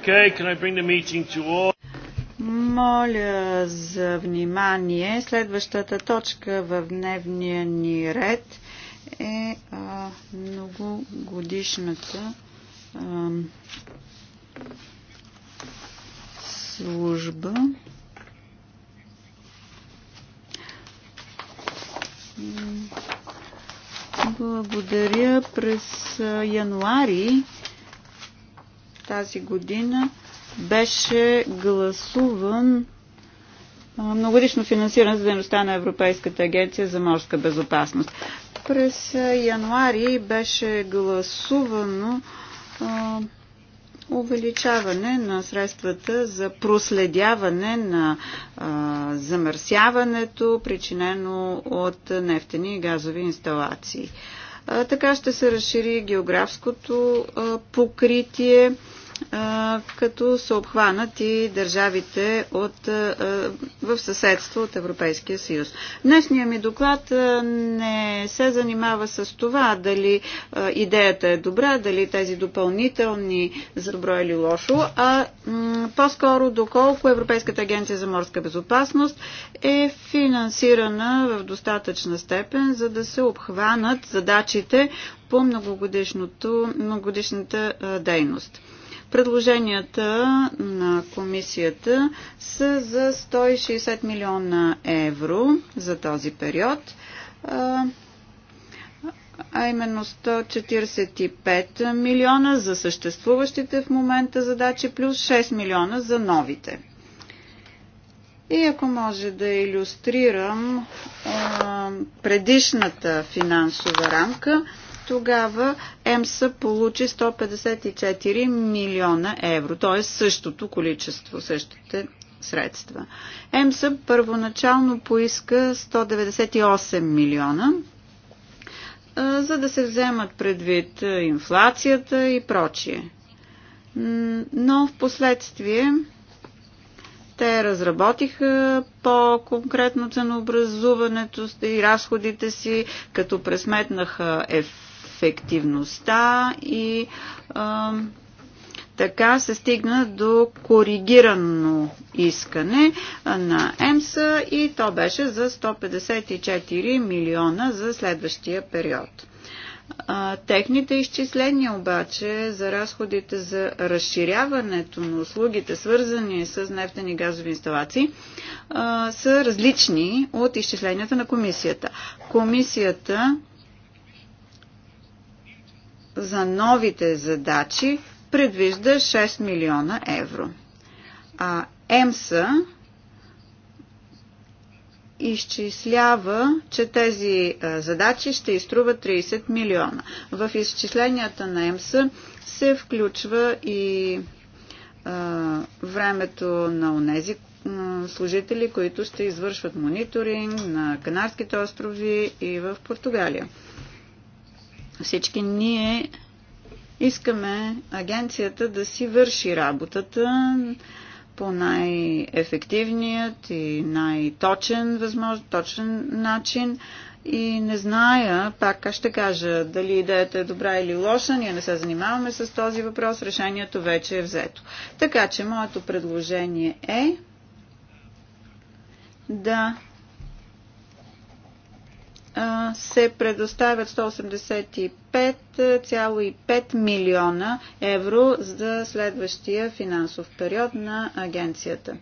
Okay, can I bring the meeting to all? Моля за внимание. Следващата точка в дневния ни ред е а, многогодишната а, служба. Благодаря през януари тази година беше гласуван многодишно финансиране за дейността на Европейската агенция за морска безопасност. През януари беше гласувано увеличаване на средствата за проследяване на замърсяването, причинено от нефтени и газови инсталации. така ще се разшири географското покритие като са обхванат и държавите от, в съседство от Европейския съюз. Днешния ми доклад не се занимава с това дали идеята е добра, дали тези допълнителни забро или лошо, а по-скоро доколко Европейската агенция за морска безопасност е финансирана в достатъчна степен, за да се обхванат задачите по многогодишната дейност. Предложенията на комисията са за 160 милиона евро за този период а именно 145 милиона за съществуващите в момента задачи, плюс 6 милиона за новите. И ако може да иллюстрирам предишната финансова рамка, тогава ЕМСА получи 154 милиона евро, т.е. същото количество, същите средства. ЕМСА първоначално поиска 198 милиона, за да се вземат предвид инфлацията и прочие. Но в последствие те разработиха по-конкретно ценообразуването и разходите си, като пресметнаха ефект ефективността и а, така се стигна до коригирано искане на ЕМСА и то беше за 154 милиона за следващия период. Техните изчисления обаче за разходите за разширяването на услугите, свързани с нефтени и газови инсталации, са различни от изчисленията на комисията. Комисията за новите задачи предвижда 6 милиона евро. А ЕМСА изчислява, че тези задачи ще изтруват 30 милиона. В изчисленията на ЕМСА се включва и а, времето на онези служители, които ще извършват мониторинг на Канарските острови и в Португалия. Всички ние искаме агенцията да си върши работата по най-ефективният и най-точен възможно, точен начин. И не зная, пак аз ще кажа, дали идеята е добра или лоша, ние не се занимаваме с този въпрос, решението вече е взето. Така че моето предложение е да се предоставят 185,5 милиона евро за следващия финансов период на агенцията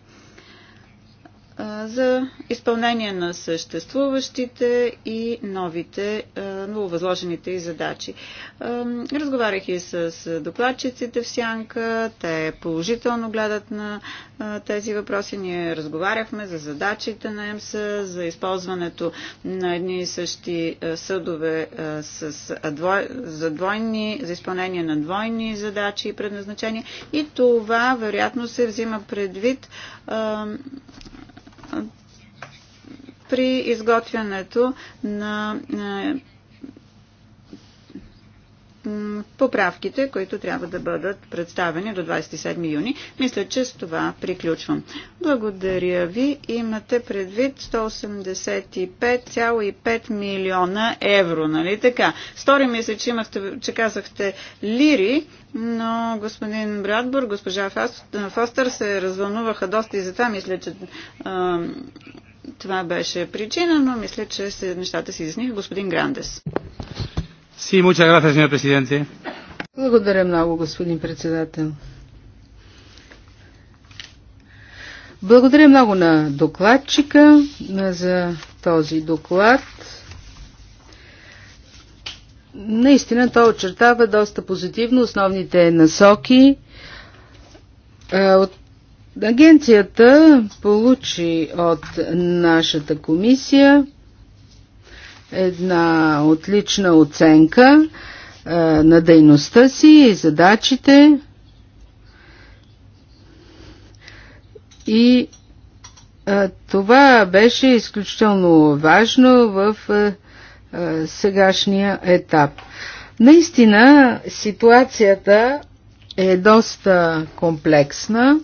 за изпълнение на съществуващите и новите, нововъзложените и задачи. Разговарях и с докладчиците в Сянка, те положително гледат на тези въпроси. Ние разговаряхме за задачите на ЕМСА, за използването на едни и същи съдове с, за, двойни, за изпълнение на двойни задачи и предназначения. И това, вероятно, се взима предвид при изготвянето на е, поправките, които трябва да бъдат представени до 27 юни. Мисля, че с това приключвам. Благодаря ви. Имате предвид 185,5 милиона евро, нали така? Стори ми се, че, имахте, че казахте лири, но господин Брадбор, госпожа Фостер се развълнуваха доста и затова мисля, че това беше причина, но мисля, че нещата се изясниха. Господин Грандес. Благодаря много, господин председател. Благодаря много на докладчика за този доклад. Наистина той очертава доста позитивно основните насоки. От агенцията получи от нашата комисия една отлична оценка е, на дейността си и задачите и е, това беше изключително важно в е, е, сегашния етап. Наистина ситуацията е доста комплексна.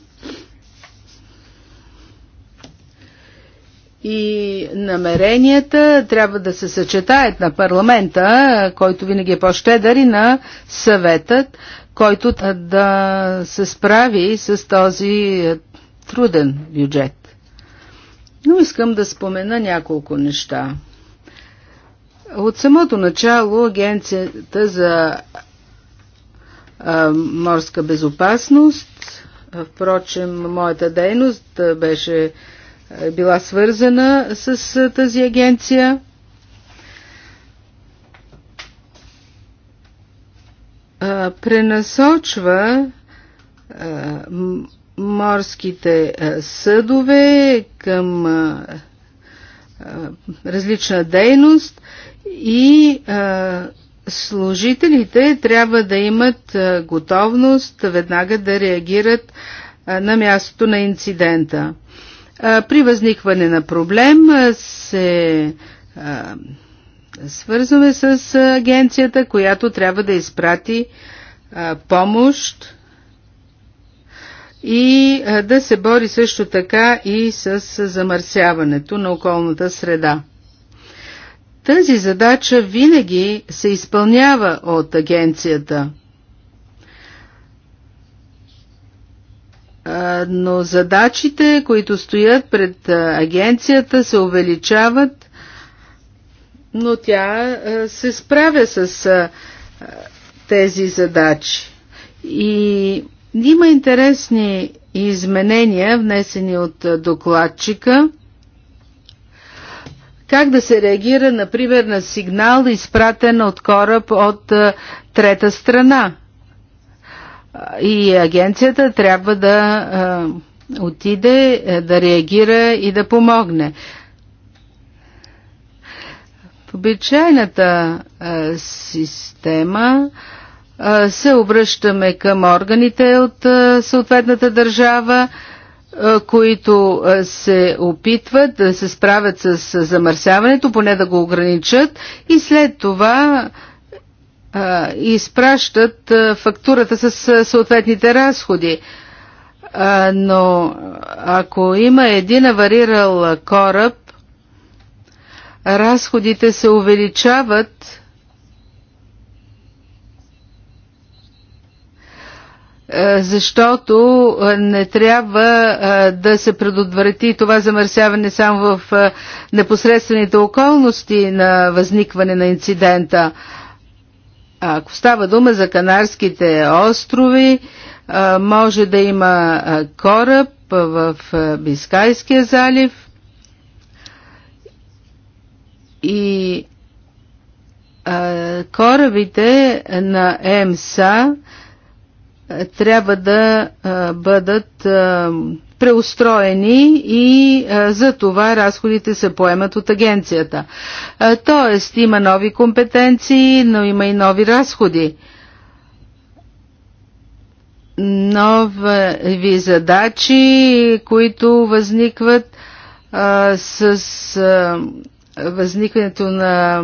и намеренията трябва да се съчетаят на парламента, който винаги е по-щедър и на съветът, който да се справи с този е, труден бюджет. Но искам да спомена няколко неща. От самото начало Агенцията за морска безопасност, впрочем, моята дейност беше е била свързана с е, тази агенция. Пренасочва е, морските е, съдове към различна дейност и служителите трябва да имат готовност веднага да реагират на мястото на инцидента. При възникване на проблем се свързваме с агенцията, която трябва да изпрати помощ и да се бори също така и с замърсяването на околната среда. Тази задача винаги се изпълнява от агенцията – но задачите, които стоят пред агенцията, се увеличават, но тя се справя с тези задачи. И има интересни изменения, внесени от докладчика, как да се реагира, например, на сигнал, изпратен от кораб от трета страна и агенцията трябва да отиде, да реагира и да помогне. В обичайната система се обръщаме към органите от съответната държава, които се опитват да се справят с замърсяването, поне да го ограничат и след това изпращат фактурата с съответните разходи. Но ако има един аварирал кораб, разходите се увеличават защото не трябва да се предотврати това замърсяване само в непосредствените околности на възникване на инцидента ако става дума за Канарските острови, може да има кораб в Бискайския залив и корабите на МСА трябва да бъдат преустроени и за това разходите се поемат от агенцията. Тоест има нови компетенции, но има и нови разходи нови задачи, които възникват а, с а, възникването на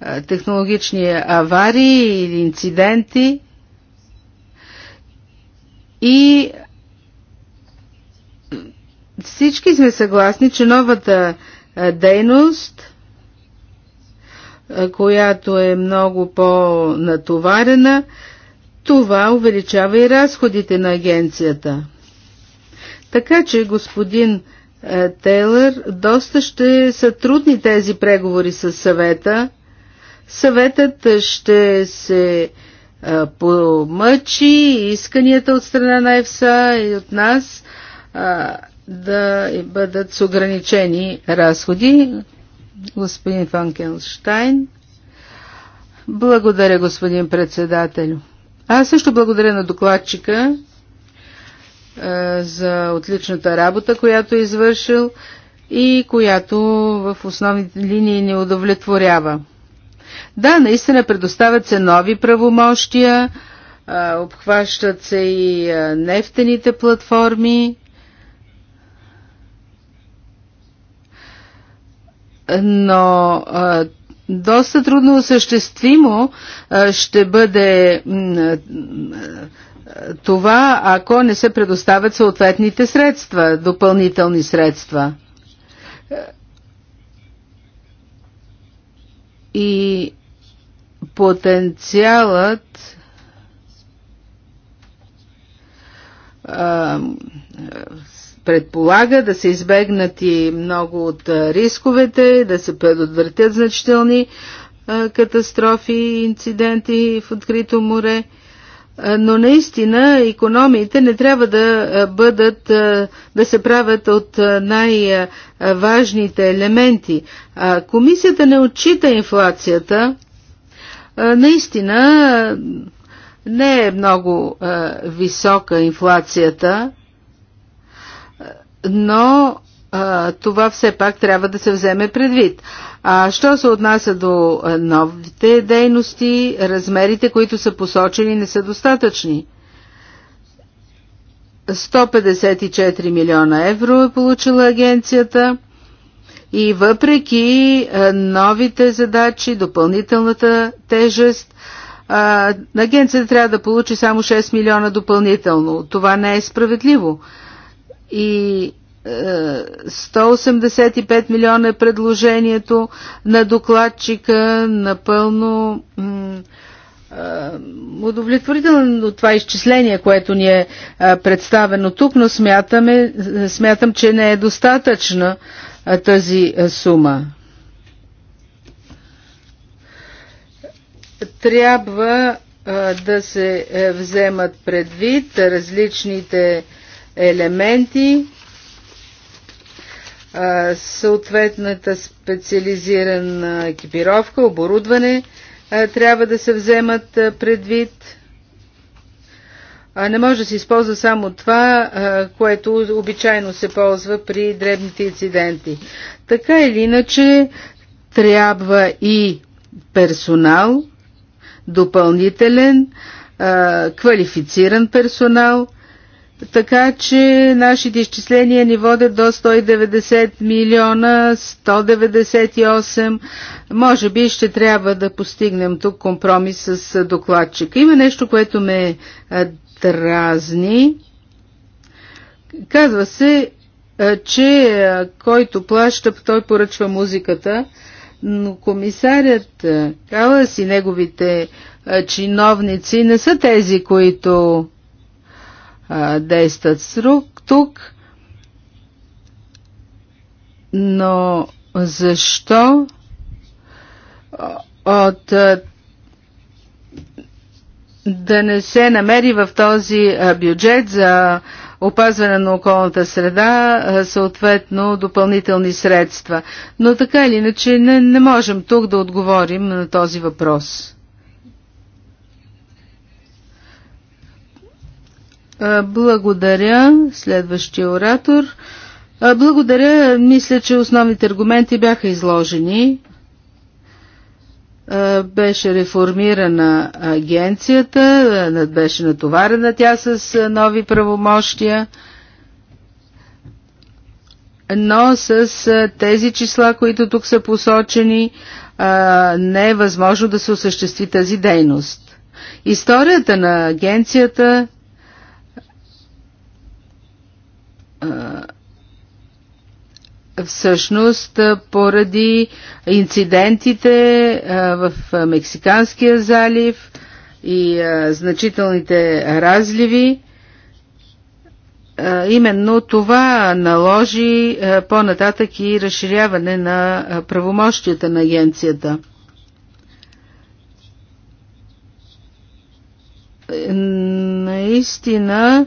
а, технологични аварии или инциденти и всички сме съгласни, че новата дейност, която е много по-натоварена, това увеличава и разходите на агенцията. Така че, господин Тейлър, доста ще са трудни тези преговори с съвета. Съветът ще се помъчи исканията от страна на ЕФСА и от нас да бъдат с ограничени разходи. Господин Фанкенштайн. Благодаря, господин председател. Аз също благодаря на докладчика е, за отличната работа, която е извършил и която в основните линии не удовлетворява. Да, наистина предоставят се нови правомощия, е, обхващат се и нефтените платформи, но доста трудно осъществимо ще бъде това, ако не се предоставят съответните средства, допълнителни средства. И потенциалът предполага, да се избегнат и много от рисковете, да се предотвратят значителни катастрофи и инциденти в открито море. Но наистина економиите не трябва да бъдат, да се правят от най-важните елементи. Комисията не отчита инфлацията. Наистина не е много висока инфлацията но а, това все пак трябва да се вземе предвид. А що се отнася до новите дейности, размерите, които са посочени, не са достатъчни. 154 милиона евро е получила агенцията и въпреки новите задачи, допълнителната тежест, агенцията трябва да получи само 6 милиона допълнително. Това не е справедливо и 185 е, милиона е предложението на докладчика, напълно е, удовлетворително от това изчисление, което ни е, е представено тук, но смятаме, смятам, че не е достатъчна тази сума. Трябва да се вземат предвид различните елементи, съответната специализирана екипировка, оборудване трябва да се вземат предвид. Не може да се използва само това, което обичайно се ползва при дребните инциденти. Така или иначе, трябва и персонал, допълнителен, квалифициран персонал – така че нашите изчисления ни водят до 190 милиона, 198. Може би ще трябва да постигнем тук компромис с докладчика. Има нещо, което ме дразни. Казва се, че който плаща, той поръчва музиката, но комисарят Калас и неговите чиновници не са тези, които действат струк, тук, но защо от да не се намери в този бюджет за опазване на околната среда, съответно допълнителни средства. Но така или иначе не, не можем тук да отговорим на този въпрос. Благодаря. Следващия оратор. Благодаря. Мисля, че основните аргументи бяха изложени. Беше реформирана агенцията, беше натоварена тя с нови правомощия, но с тези числа, които тук са посочени, не е възможно да се осъществи тази дейност. Историята на агенцията всъщност поради инцидентите в Мексиканския залив и значителните разливи, именно това наложи по-нататък и разширяване на правомощията на агенцията. Наистина,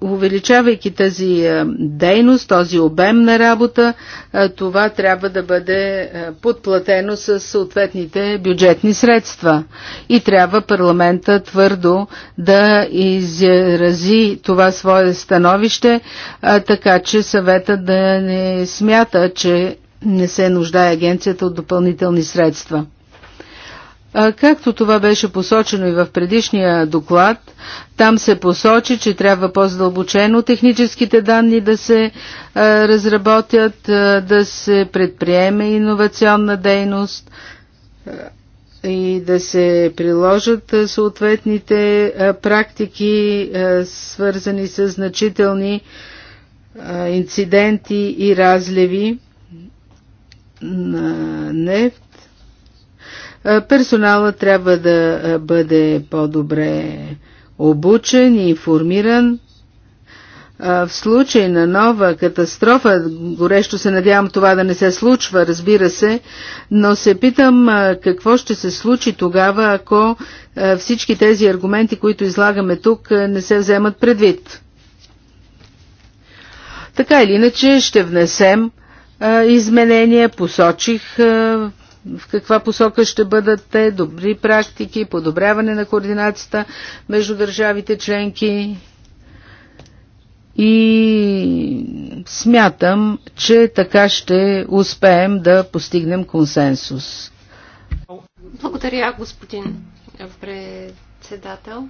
увеличавайки тази е, дейност, този обем на работа, е, това трябва да бъде е, подплатено с съответните бюджетни средства. И трябва парламента твърдо да изрази това свое становище, така че съвета да не смята, че не се нуждае агенцията от допълнителни средства. Както това беше посочено и в предишния доклад, там се посочи, че трябва по-задълбочено техническите данни да се разработят, да се предприеме иновационна дейност и да се приложат съответните практики, свързани с значителни инциденти и разливи на нефт е, персонала трябва да е, бъде по-добре обучен и информиран. Е, в случай на нова катастрофа, горещо се надявам това да не се случва, разбира се, но се питам какво ще се случи тогава, ако всички тези аргументи, които излагаме тук, не се вземат предвид. Така или иначе ще внесем изменения, посочих в каква посока ще бъдат те, добри практики, подобряване на координацията между държавите членки. И смятам, че така ще успеем да постигнем консенсус. Благодаря, господин председател.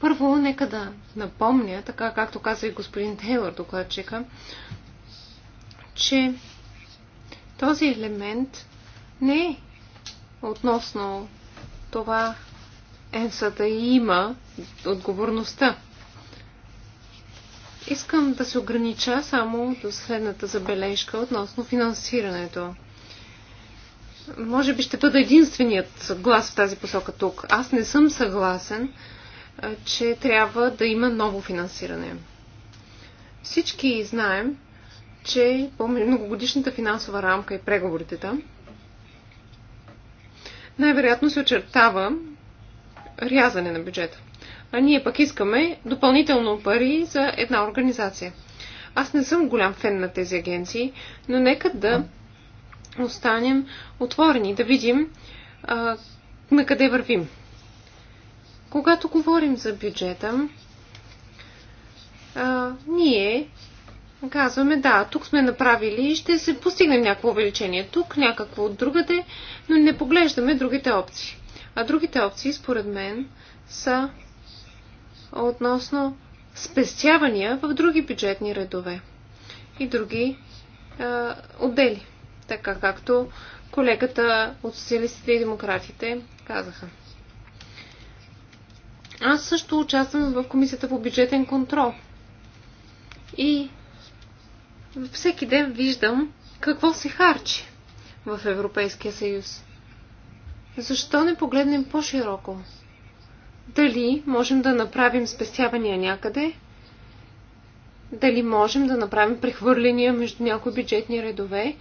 Първо, нека да напомня, така както каза и господин Тейлор, докладчика, че този елемент не относно това енсата и има отговорността. Искам да се огранича само до следната забележка относно финансирането. Може би ще бъда единственият глас в тази посока тук. Аз не съм съгласен, че трябва да има ново финансиране. Всички знаем, че по многогодишната финансова рамка и преговорите там, най-вероятно се очертава рязане на бюджета. А ние пък искаме допълнително пари за една организация. Аз не съм голям фен на тези агенции, но нека да останем отворени, да видим а, на къде вървим. Когато говорим за бюджета, а, ние казваме, да, тук сме направили и ще се постигнем някакво увеличение тук, някакво от другаде, но не поглеждаме другите опции. А другите опции, според мен, са относно спестявания в други бюджетни редове и други а, отдели, така както колегата от социалистите и демократите казаха. Аз също участвам в Комисията по бюджетен контрол. И всеки ден виждам какво се харчи в Европейския съюз. Защо не погледнем по-широко? Дали можем да направим спестявания някъде? Дали можем да направим прехвърления между някои бюджетни редове,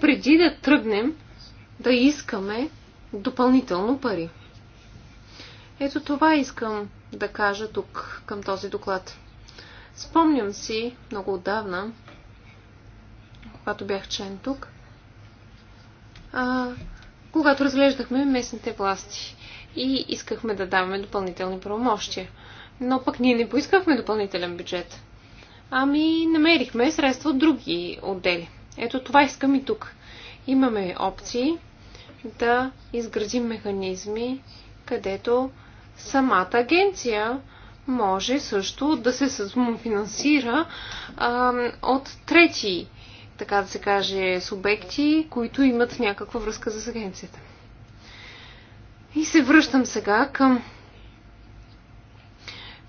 преди да тръгнем да искаме допълнително пари? Ето това искам да кажа тук към този доклад. Спомням си много отдавна, когато бях член тук, а, когато разглеждахме местните власти и искахме да даваме допълнителни правомощия. Но пък ние не поискахме допълнителен бюджет. Ами намерихме средства от други отдели. Ето това искам и тук. Имаме опции да изградим механизми, където самата агенция може също да се самофинансира а, от трети така да се каже, субекти, които имат някаква връзка с агенцията. И се връщам сега към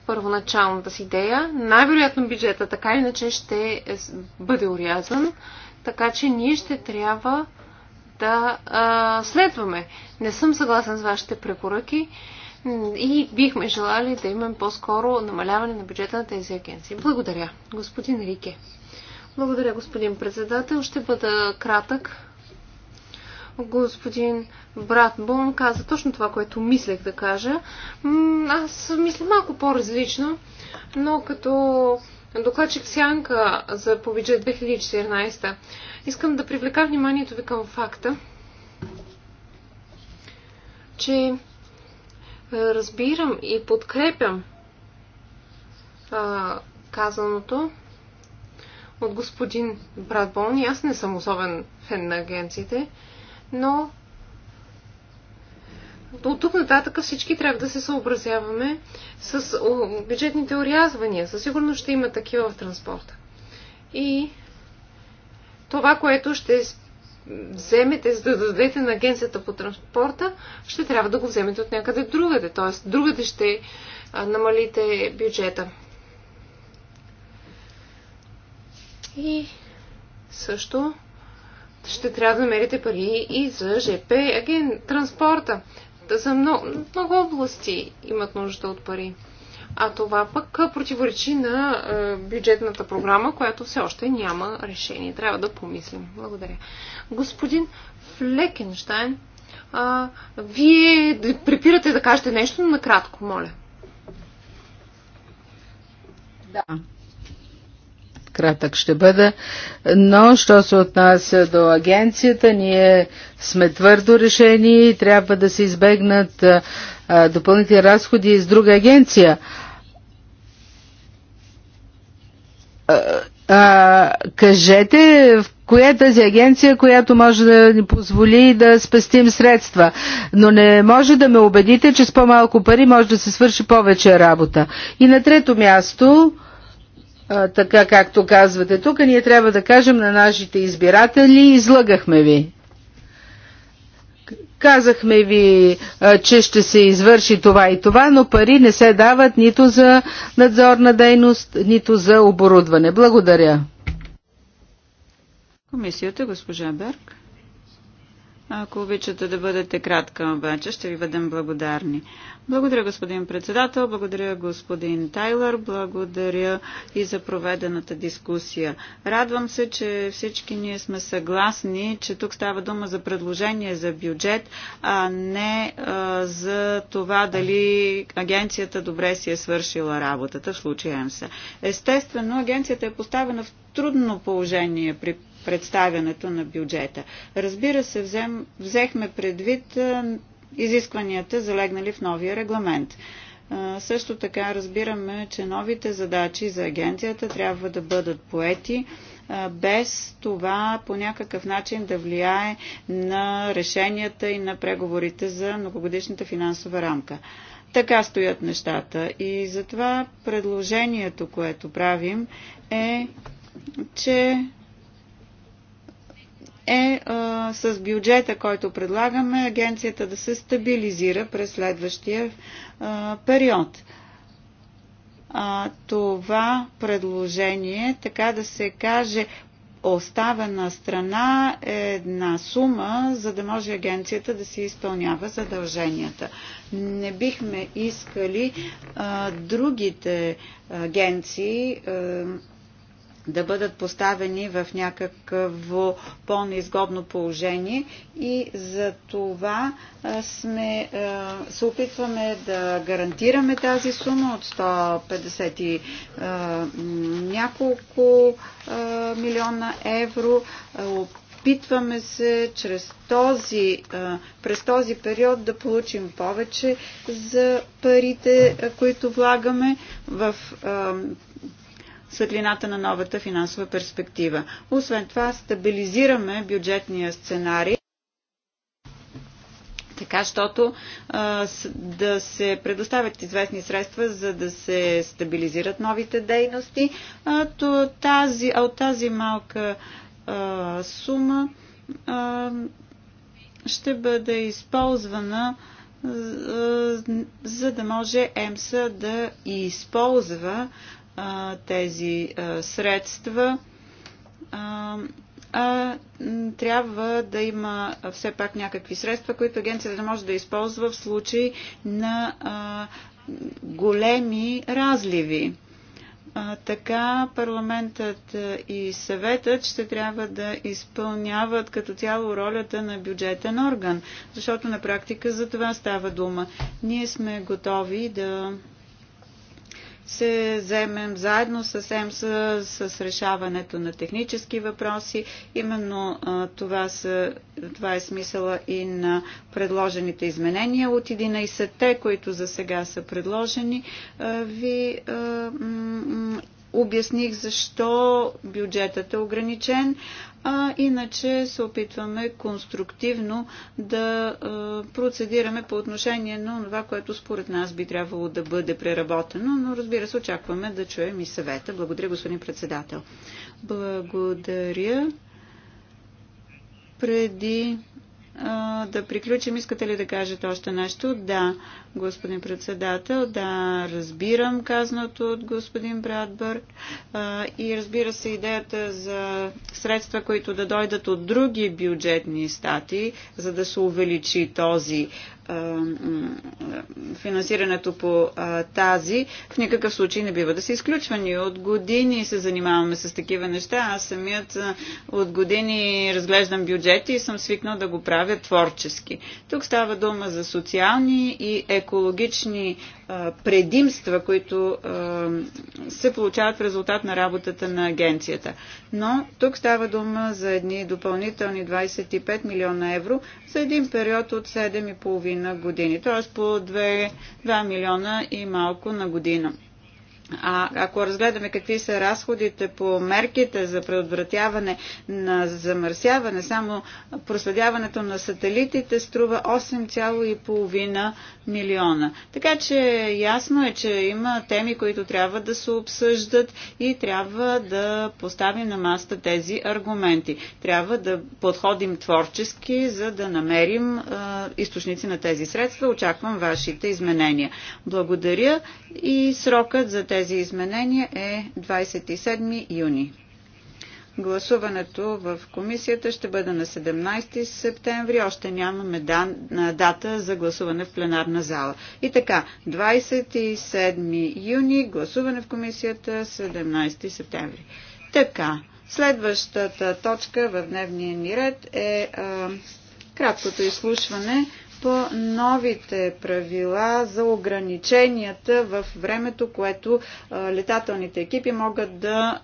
първоначалната си идея. Най-вероятно бюджета така или иначе ще е бъде урязан, така че ние ще трябва да а, следваме. Не съм съгласен с вашите препоръки и бихме желали да имаме по-скоро намаляване на бюджета на тези агенции. Благодаря, господин Рике. Благодаря, господин председател. Ще бъда кратък. Господин Брат Бон каза точно това, което мислех да кажа. Аз мисля малко по-различно, но като докладчик Сянка за по бюджет 2014 искам да привлека вниманието ви към факта, че е, разбирам и подкрепям а, казаното от господин Брадбон. аз не съм особен фен на агенциите, но от тук нататък всички трябва да се съобразяваме с бюджетните урязвания. Със сигурност ще има такива в транспорта. И това, което ще вземете, за да дадете на агенцията по транспорта, ще трябва да го вземете от някъде другаде. Т.е. другаде ще намалите бюджета. И също ще трябва да намерите пари и за ЖП, аген, транспорта. Да за много, много области имат нужда от пари. А това пък противоречи на е, бюджетната програма, която все още няма решение. Трябва да помислим. Благодаря. Господин Флекенштайн, а, вие препирате да кажете нещо, но накратко, моля. Да кратък ще бъда, но що се отнася до агенцията, ние сме твърдо решени и трябва да се избегнат допълнителни разходи с друга агенция. А, кажете в коя е тази агенция, която може да ни позволи да спестим средства. Но не може да ме убедите, че с по-малко пари може да се свърши повече работа. И на трето място така както казвате тук, ние трябва да кажем на нашите избиратели, излъгахме ви. Казахме ви, че ще се извърши това и това, но пари не се дават нито за надзорна дейност, нито за оборудване. Благодаря. Комисията, госпожа Берг. Ако обичате да бъдете кратка обаче, ще ви бъдем благодарни. Благодаря, господин председател, благодаря, господин Тайлър, благодаря и за проведената дискусия. Радвам се, че всички ние сме съгласни, че тук става дума за предложение за бюджет, а не а, за това дали агенцията добре си е свършила работата, в случая МСА. Естествено, агенцията е поставена в трудно положение при представянето на бюджета. Разбира се, взем, взехме предвид изискванията, залегнали в новия регламент. Също така разбираме, че новите задачи за агенцията трябва да бъдат поети, без това по някакъв начин да влияе на решенията и на преговорите за многогодишната финансова рамка. Така стоят нещата и затова предложението, което правим е, че е а, с бюджета, който предлагаме, агенцията да се стабилизира през следващия а, период. А, това предложение, така да се каже, остава на страна една сума, за да може агенцията да си изпълнява задълженията. Не бихме искали а, другите агенции. А, да бъдат поставени в някакво по-неизгодно положение и за това сме, се опитваме да гарантираме тази сума от 150 няколко милиона евро. Опитваме се чрез този, през този период да получим повече за парите, които влагаме в светлината на новата финансова перспектива. Освен това, стабилизираме бюджетния сценарий така, щото да се предоставят известни средства, за да се стабилизират новите дейности. А, то, тази, а от тази малка а, сума а, ще бъде използвана за да може ЕМСА да използва а, тези а, средства. А, а, трябва да има все пак някакви средства, които агенцията да може да използва в случай на а, големи разливи. А, така парламентът и съветът ще трябва да изпълняват като цяло ролята на бюджетен орган, защото на практика за това става дума. Ние сме готови да се вземем заедно с ЕМСА с решаването на технически въпроси. Именно това, са, това е смисъла и на предложените изменения. От 11-те, които за сега са предложени, ви обясних защо бюджетът е ограничен, а иначе се опитваме конструктивно да процедираме по отношение на това, което според нас би трябвало да бъде преработено, но разбира се, очакваме да чуем и съвета. Благодаря, господин председател. Благодаря. Преди да приключим, искате ли да кажете още нещо? Да господин председател. Да, разбирам казаното от господин Брадбърг и разбира се идеята за средства, които да дойдат от други бюджетни стати, за да се увеличи този финансирането по тази, в никакъв случай не бива да се изключва. Ние от години се занимаваме с такива неща. Аз самият от години разглеждам бюджети и съм свикнал да го правя творчески. Тук става дума за социални и економически екологични предимства, които се получават в резултат на работата на агенцията. Но тук става дума за едни допълнителни 25 милиона евро за един период от 7,5 години, т.е. по 2, 2 милиона и малко на година. А, ако разгледаме какви са разходите по мерките за предотвратяване на замърсяване, само проследяването на сателитите струва 8,5 милиона. Така че ясно е, че има теми, които трябва да се обсъждат и трябва да поставим на маста тези аргументи. Трябва да подходим творчески, за да намерим е, източници на тези средства. Очаквам вашите изменения. Благодаря и срокът за тези тези изменения е 27 юни. Гласуването в комисията ще бъде на 17 септември. Още нямаме дата за гласуване в пленарна зала. И така, 27 юни, гласуване в комисията 17 септември. Така, следващата точка в дневния ни ред е а, краткото изслушване новите правила за ограниченията в времето, което летателните екипи могат да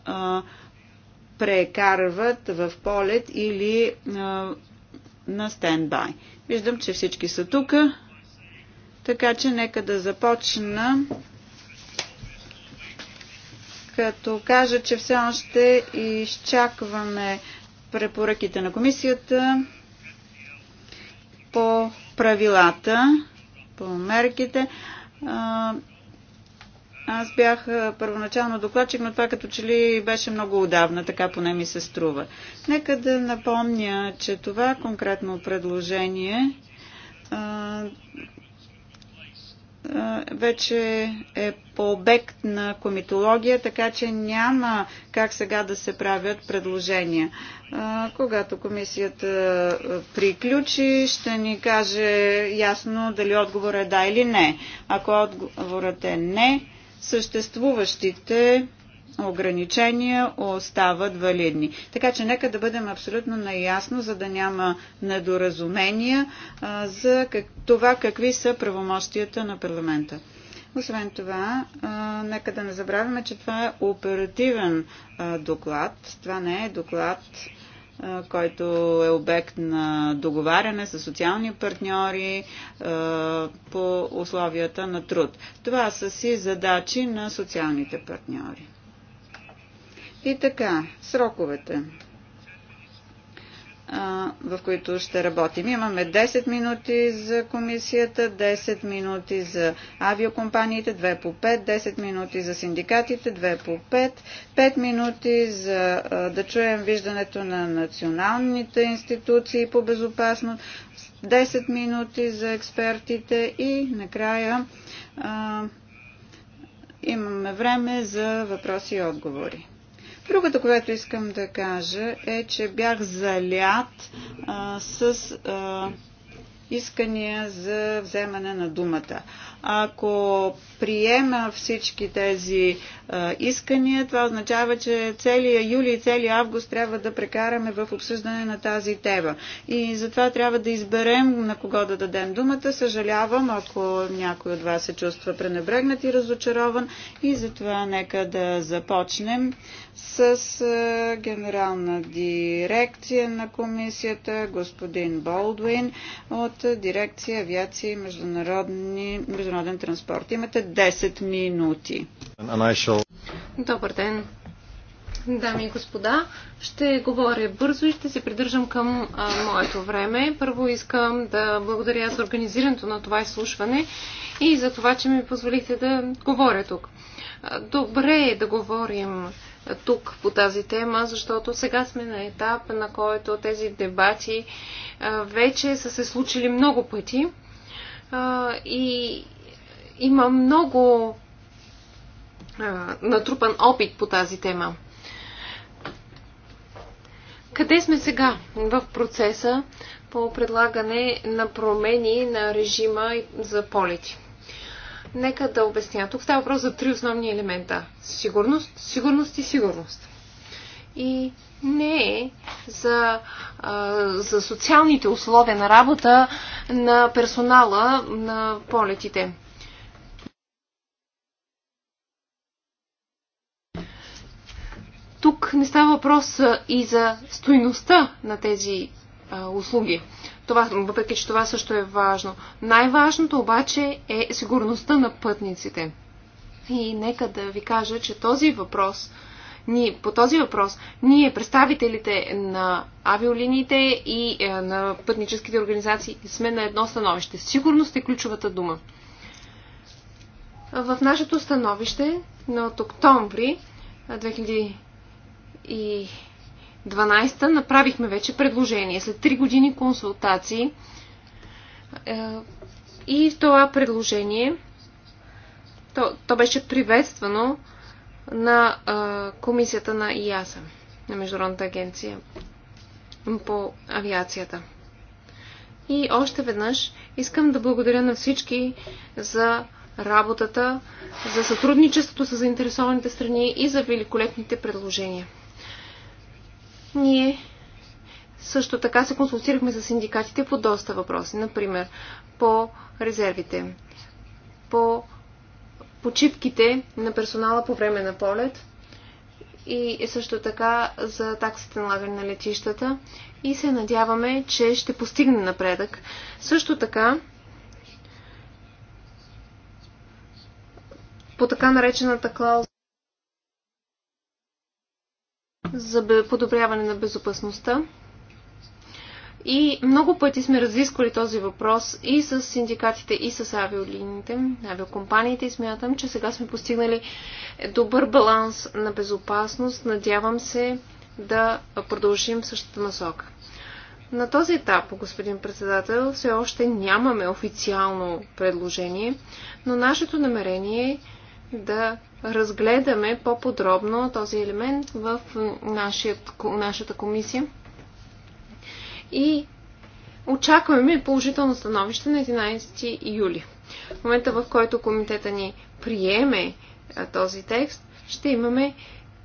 прекарват в полет или на стендбай. Виждам, че всички са тук, така че нека да започна като кажа, че все още изчакваме препоръките на комисията по правилата, по мерките. Аз бях първоначално докладчик, но това като че ли беше много отдавна, така поне ми се струва. Нека да напомня, че това конкретно предложение вече е по обект на комитология, така че няма как сега да се правят предложения. Когато комисията приключи, ще ни каже ясно дали отговорът е да или не. Ако отговорът е не, съществуващите ограничения остават валидни. Така че нека да бъдем абсолютно наясно, за да няма недоразумения а, за как, това какви са правомощията на парламента. Освен това, а, нека да не забравяме, че това е оперативен а, доклад. Това не е доклад който е обект на договаряне с социални партньори по условията на труд. Това са си задачи на социалните партньори. И така, сроковете, в които ще работим. Имаме 10 минути за комисията, 10 минути за авиокомпаниите, 2 по 5, 10 минути за синдикатите, 2 по 5, 5 минути за да чуем виждането на националните институции по безопасност, 10 минути за експертите и накрая а, имаме време за въпроси и отговори. Другото, което искам да кажа е, че бях залят а, с а, искания за вземане на думата. Ако приема всички тези а, искания, това означава, че целия юли и целия август трябва да прекараме в обсъждане на тази тема. И затова трябва да изберем на кого да дадем думата. Съжалявам, ако някой от вас се чувства пренебрегнат и разочарован. И затова нека да започнем с генерална дирекция на комисията, господин Болдуин от дирекция авиация и международни международен транспорт. Имате 10 минути. Shall... Добър ден, дами и господа. Ще говоря бързо и ще се придържам към а, моето време. Първо искам да благодаря за организирането на това изслушване и за това, че ми позволихте да говоря тук. Добре е да говорим тук по тази тема, защото сега сме на етап, на който тези дебати вече са се случили много пъти и има много а, натрупан опит по тази тема. Къде сме сега в процеса по предлагане на промени на режима за полети? Нека да обясня. Тук става въпрос за три основни елемента. Сигурност, сигурност и сигурност. И не е за, за социалните условия на работа на персонала на полетите. Тук не става въпрос и за стоиността на тези а, услуги. Това, въпреки, че това също е важно. Най-важното обаче е сигурността на пътниците. И нека да ви кажа, че този въпрос, ние, по този въпрос, ние, представителите на авиолиниите и е, на пътническите организации, сме на едно становище. Сигурност е ключовата дума. В нашето становище на от октомври 2012 направихме вече предложение. След 3 години консултации е, и в това предложение то, то беше приветствано на е, комисията на ИАСА, на Международната агенция по авиацията. И още веднъж искам да благодаря на всички за работата, за сътрудничеството с заинтересованите страни и за великолепните предложения. Ние също така се консултирахме с синдикатите по доста въпроси, например по резервите, по почивките на персонала по време на полет и също така за таксите налагане на летищата и се надяваме, че ще постигне напредък. Също така по така наречената клауза за подобряване на безопасността. И много пъти сме разисквали този въпрос и с синдикатите, и с авиолиниите, авиокомпаниите и смятам, че сега сме постигнали добър баланс на безопасност. Надявам се да продължим същата насока. На този етап, господин председател, все още нямаме официално предложение, но нашето намерение е да разгледаме по-подробно този елемент в нашият, нашата комисия. И очакваме положително становище на 11 юли. В момента, в който комитета ни приеме този текст, ще имаме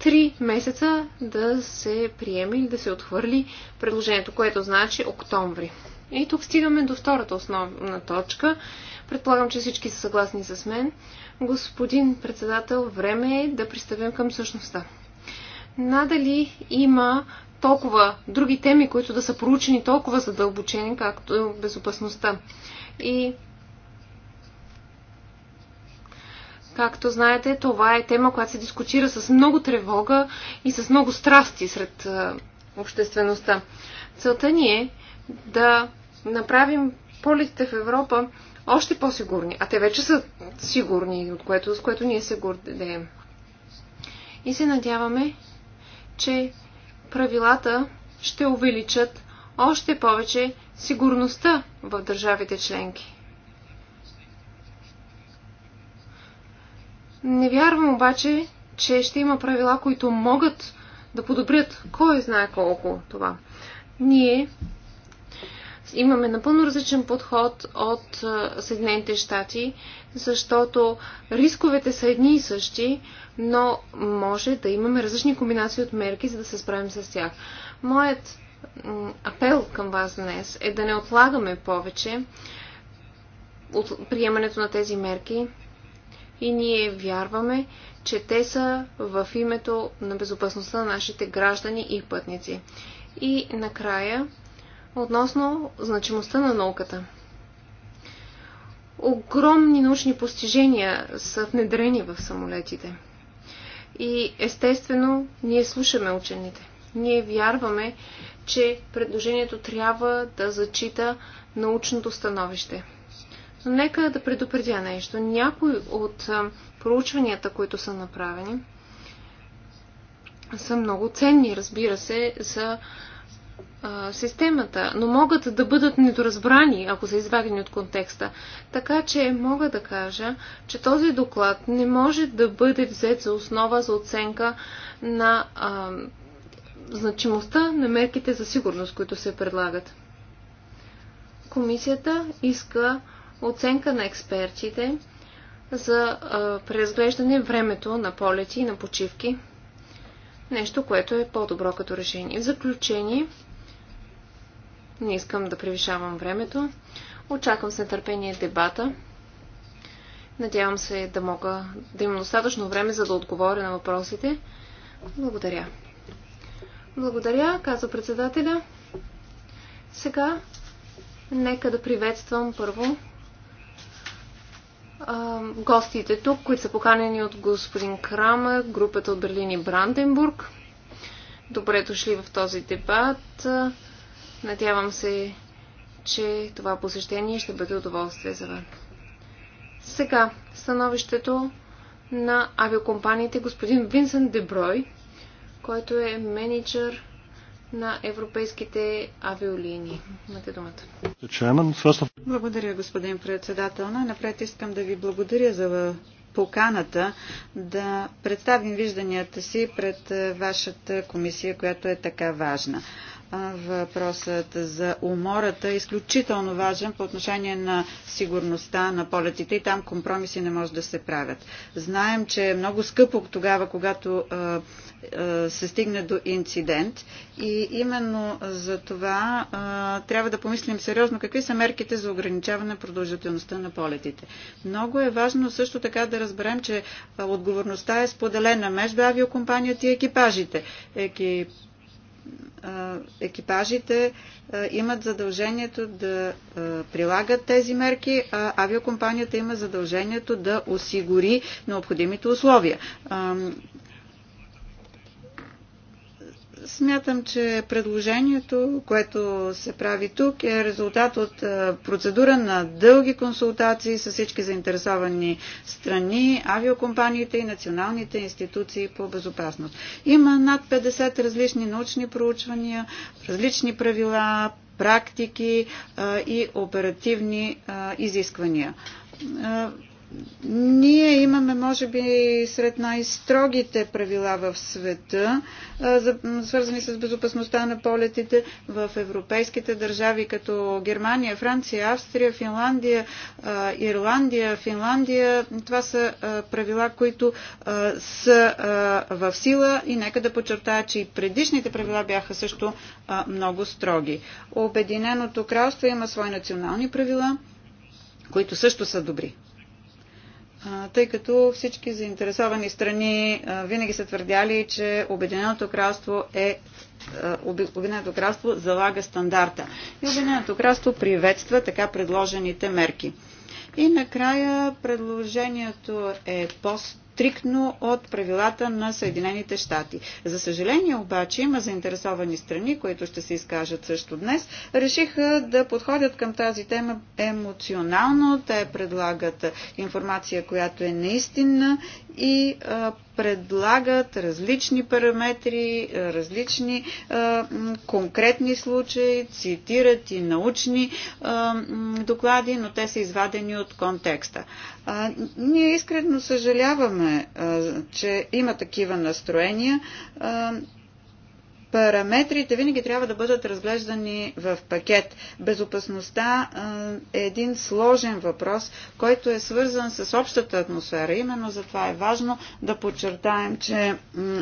3 месеца да се приеме или да се отхвърли предложението, което значи октомври. И тук стигаме до втората основна точка. Предполагам, че всички са съгласни с мен. Господин председател, време е да приставим към същността. Надали има толкова други теми, които да са проучени толкова задълбочени, както безопасността. И Както знаете, това е тема, която се дискутира с много тревога и с много страсти сред обществеността. Целта ни е да направим полетите в Европа още по-сигурни. А те вече са сигурни, от което, с което ние се гордеем. И се надяваме, че правилата ще увеличат още повече сигурността в държавите членки. Не вярвам обаче, че ще има правила, които могат да подобрят кой знае колко това. Ние имаме напълно различен подход от Съединените щати, защото рисковете са едни и същи, но може да имаме различни комбинации от мерки, за да се справим с тях. Моят апел към вас днес е да не отлагаме повече от приемането на тези мерки и ние вярваме, че те са в името на безопасността на нашите граждани и пътници. И накрая относно значимостта на науката. Огромни научни постижения са внедрени в самолетите. И естествено, ние слушаме учените. Ние вярваме, че предложението трябва да зачита научното становище. Но нека да предупредя нещо. Някои от проучванията, които са направени, са много ценни, разбира се, за а, системата, но могат да бъдат недоразбрани, ако са извадени от контекста. Така че мога да кажа, че този доклад не може да бъде взет за основа за оценка на а, значимостта на мерките за сигурност, които се предлагат. Комисията иска оценка на експертите за а, преразглеждане времето на полети и на почивки. Нещо, което е по-добро като решение. В заключение, не искам да превишавам времето. Очаквам с нетърпение дебата. Надявам се да мога да имам достатъчно време, за да отговоря на въпросите. Благодаря. Благодаря, каза председателя. Сега нека да приветствам първо а, гостите тук, които са поканени от господин Крама, групата от Берлин и Бранденбург. Добре дошли в този дебат. Надявам се, че това посещение ще бъде удоволствие за вас. Сега, становището на авиокомпаниите господин Винсент Деброй, който е менеджер на европейските авиолинии. Имате думата. Благодаря, господин председател. Най-напред искам да ви благодаря за поканата да представим вижданията си пред вашата комисия, която е така важна. Въпросът за умората е изключително важен по отношение на сигурността на полетите и там компромиси не може да се правят. Знаем, че е много скъпо тогава, когато се стигне до инцидент и именно за това трябва да помислим сериозно какви са мерките за ограничаване на продължителността на полетите. Много е важно също така да разберем, че отговорността е споделена между авиокомпанията и екипажите. Екип екипажите имат задължението да прилагат тези мерки, а авиокомпанията има задължението да осигури необходимите условия. Смятам, че предложението, което се прави тук, е резултат от е, процедура на дълги консултации с всички заинтересовани страни, авиокомпаниите и националните институции по безопасност. Има над 50 различни научни проучвания, различни правила, практики е, и оперативни е, изисквания ние имаме, може би, сред най-строгите правила в света, свързани с безопасността на полетите в европейските държави, като Германия, Франция, Австрия, Финландия, Ирландия. Финландия, това са правила, които са в сила и нека да подчертая, че и предишните правила бяха също много строги. Обединеното кралство има свои национални правила, които също са добри тъй като всички заинтересовани страни винаги са твърдяли, че Обединеното кралство е Обединеното кралство залага стандарта. И Обединеното кралство приветства така предложените мерки. И накрая предложението е пост стрикно от правилата на Съединените щати. За съжаление обаче има заинтересовани страни, които ще се изкажат също днес, решиха да подходят към тази тема емоционално. Те предлагат информация, която е наистина и предлагат различни параметри, различни а, конкретни случаи, цитират и научни а, доклади, но те са извадени от контекста. А, ние искрено съжаляваме, а, че има такива настроения. А, Параметрите винаги трябва да бъдат разглеждани в пакет. Безопасността е, е един сложен въпрос, който е свързан с общата атмосфера. Именно за това е важно да подчертаем, че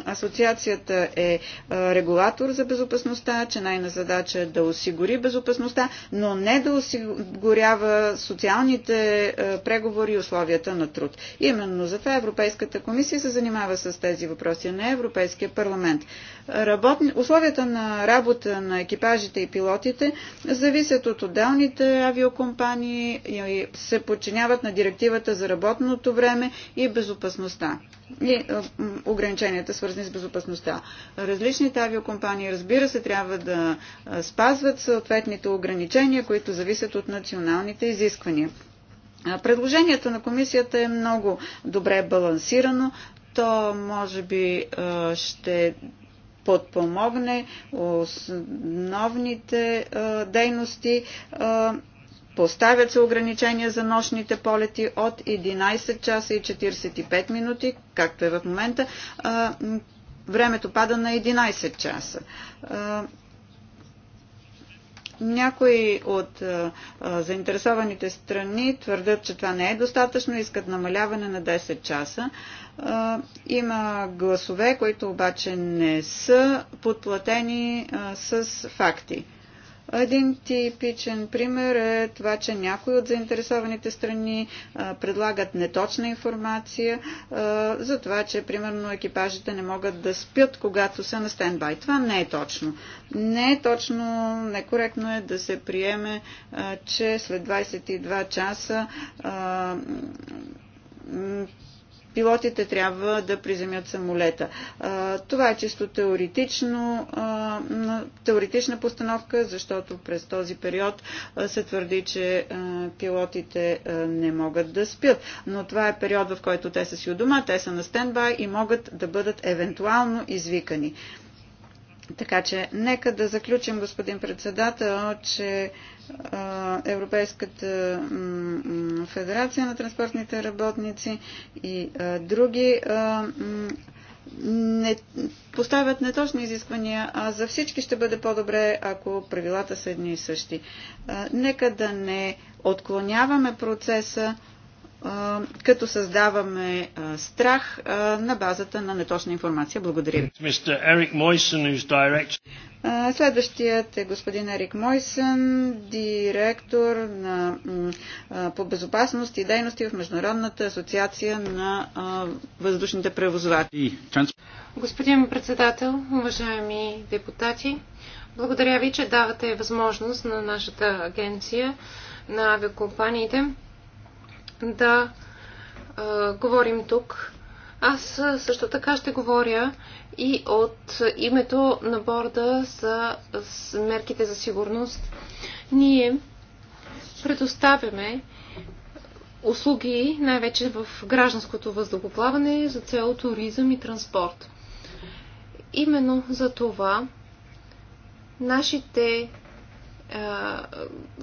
асоциацията е, е регулатор за безопасността, че най-на задача е да осигури безопасността, но не да осигурява социалните е, преговори и условията на труд. Именно за това Европейската комисия се занимава с тези въпроси, не Европейския парламент. Работни Условията на работа на екипажите и пилотите зависят от отделните авиокомпании и се подчиняват на директивата за работното време и безопасността и е, ограниченията, свързани с безопасността. Различните авиокомпании, разбира се, трябва да е, спазват съответните ограничения, които зависят от националните изисквания. Е, Предложението на комисията е много добре балансирано. То може би ще подпомогне основните дейности. Поставят се ограничения за нощните полети от 11 часа и 45 минути, както е в момента. Времето пада на 11 часа. Някои от заинтересованите страни твърдят, че това не е достатъчно, искат намаляване на 10 часа. Има гласове, които обаче не са подплатени с факти. Един типичен пример е това, че някои от заинтересованите страни предлагат неточна информация за това, че примерно екипажите не могат да спят, когато са на стендбай. Това не е точно. Не е точно, некоректно е да се приеме, че след 22 часа пилотите трябва да приземят самолета. Това е чисто теоретично, теоретична постановка, защото през този период се твърди, че пилотите не могат да спят. Но това е период, в който те са си у дома, те са на стендбай и могат да бъдат евентуално извикани. Така че нека да заключим, господин председател, че Европейската федерация на транспортните работници и други не поставят неточни изисквания, а за всички ще бъде по-добре, ако правилата са едни и същи. Нека да не отклоняваме процеса като създаваме страх на базата на неточна информация. Благодаря ви. Следващият е господин Ерик Мойсън, директор на, по безопасност и дейности в Международната асоциация на въздушните превозвачи. Господин председател, уважаеми депутати, благодаря ви, че давате възможност на нашата агенция на авиакомпаниите да а, говорим тук. Аз също така ще говоря и от името на борда за мерките за сигурност. Ние предоставяме услуги, най-вече в гражданското въздухоплаване, за цел туризъм и транспорт. Именно за това нашите е,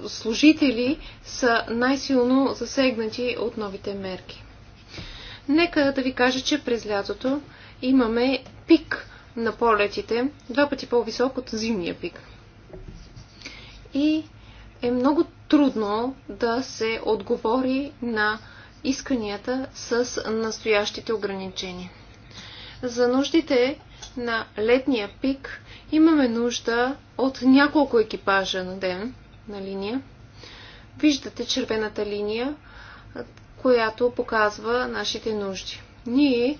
служители са най-силно засегнати от новите мерки. Нека да ви кажа, че през лятото имаме пик на полетите, два пъти по-висок от зимния пик. И е много трудно да се отговори на исканията с настоящите ограничения. За нуждите на летния пик Имаме нужда от няколко екипажа на ден на линия. Виждате червената линия, която показва нашите нужди. Ние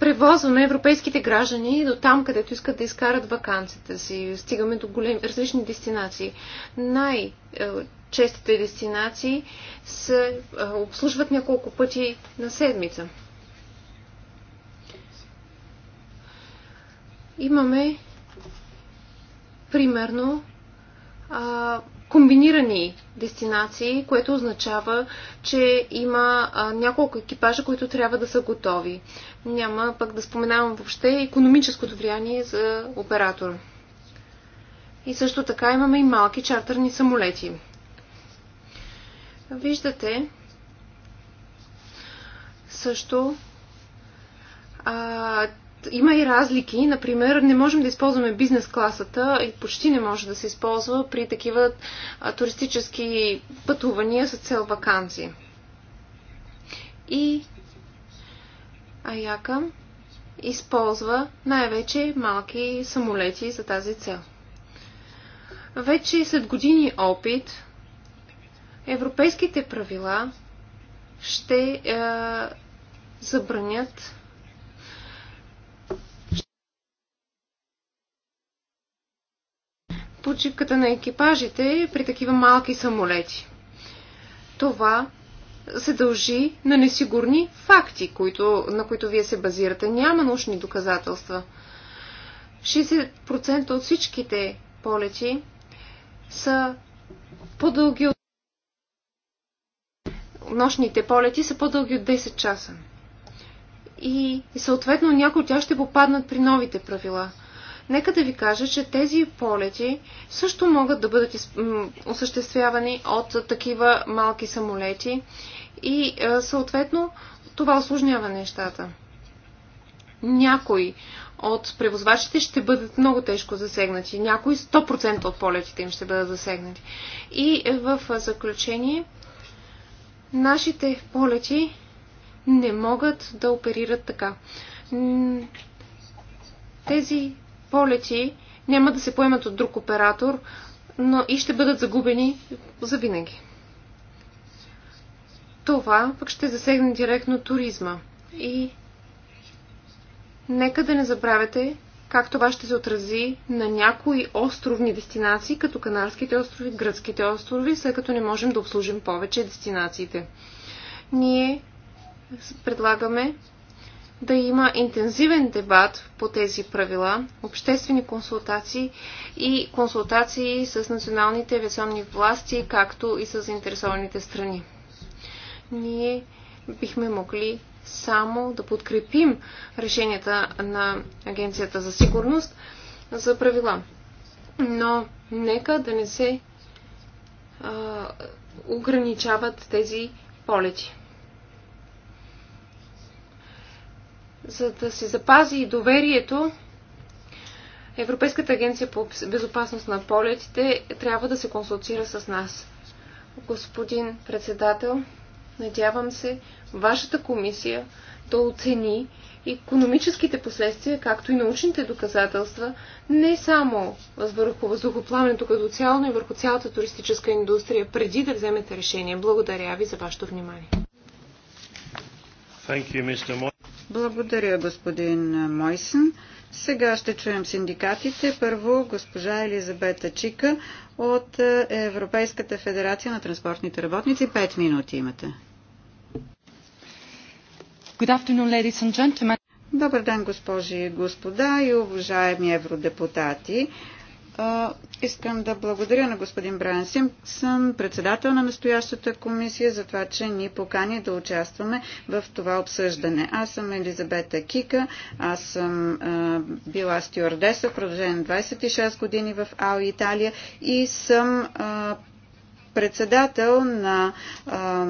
превозваме европейските граждани до там, където искат да изкарат вакансията си. Стигаме до големи, различни дестинации. Най- е, честите дестинации се е, обслужват няколко пъти на седмица. имаме примерно а, комбинирани дестинации, което означава, че има а, няколко екипажа, които трябва да са готови. Няма пък да споменавам въобще економическото влияние за оператора. И също така имаме и малки чартерни самолети. Виждате също а, има и разлики. Например, не можем да използваме бизнес класата и почти не може да се използва при такива туристически пътувания с цел вакансии. И Аяка използва най-вече малки самолети за тази цел. Вече след години опит, европейските правила ще е, забранят почивката на екипажите при такива малки самолети. Това се дължи на несигурни факти, които, на които вие се базирате. Няма научни доказателства. 60% от всичките полети са по-дълги от... Нощните полети са по-дълги от 10 часа. И, и съответно някои от тях ще попаднат при новите правила – Нека да ви кажа, че тези полети също могат да бъдат осъществявани от такива малки самолети и е, съответно това осложнява нещата. Някои от превозвачите ще бъдат много тежко засегнати. Някои 100% от полетите им ще бъдат засегнати. И е, в заключение, нашите полети не могат да оперират така. Тези полети няма да се поемат от друг оператор, но и ще бъдат загубени завинаги. Това пък ще засегне директно туризма. И нека да не забравяте как това ще се отрази на някои островни дестинации, като Канарските острови, Гръцките острови, след като не можем да обслужим повече дестинациите. Ние предлагаме да има интензивен дебат по тези правила, обществени консултации и консултации с националните авиационни власти, както и с заинтересованите страни. Ние бихме могли само да подкрепим решенията на Агенцията за сигурност за правила. Но нека да не се а, ограничават тези полети. за да се запази и доверието, Европейската агенция по безопасност на полетите трябва да се консултира с нас. Господин председател, надявам се вашата комисия да оцени економическите последствия, както и научните доказателства, не само върху въздухоплаването като цяло, но и върху цялата туристическа индустрия, преди да вземете решение. Благодаря ви за вашето внимание. Благодаря, господин Мойсен. Сега ще чуем синдикатите. Първо госпожа Елизабета Чика от Европейската федерация на транспортните работници. Пет минути имате. Добър ден, госпожи и господа и уважаеми евродепутати. Искам да благодаря на господин Брайан Симпсън, председател на настоящата комисия, за това, че ни покани да участваме в това обсъждане. Аз съм Елизабета Кика, аз съм а, била стюардеса продължен продължение 26 години в АО Италия и съм а, председател на а,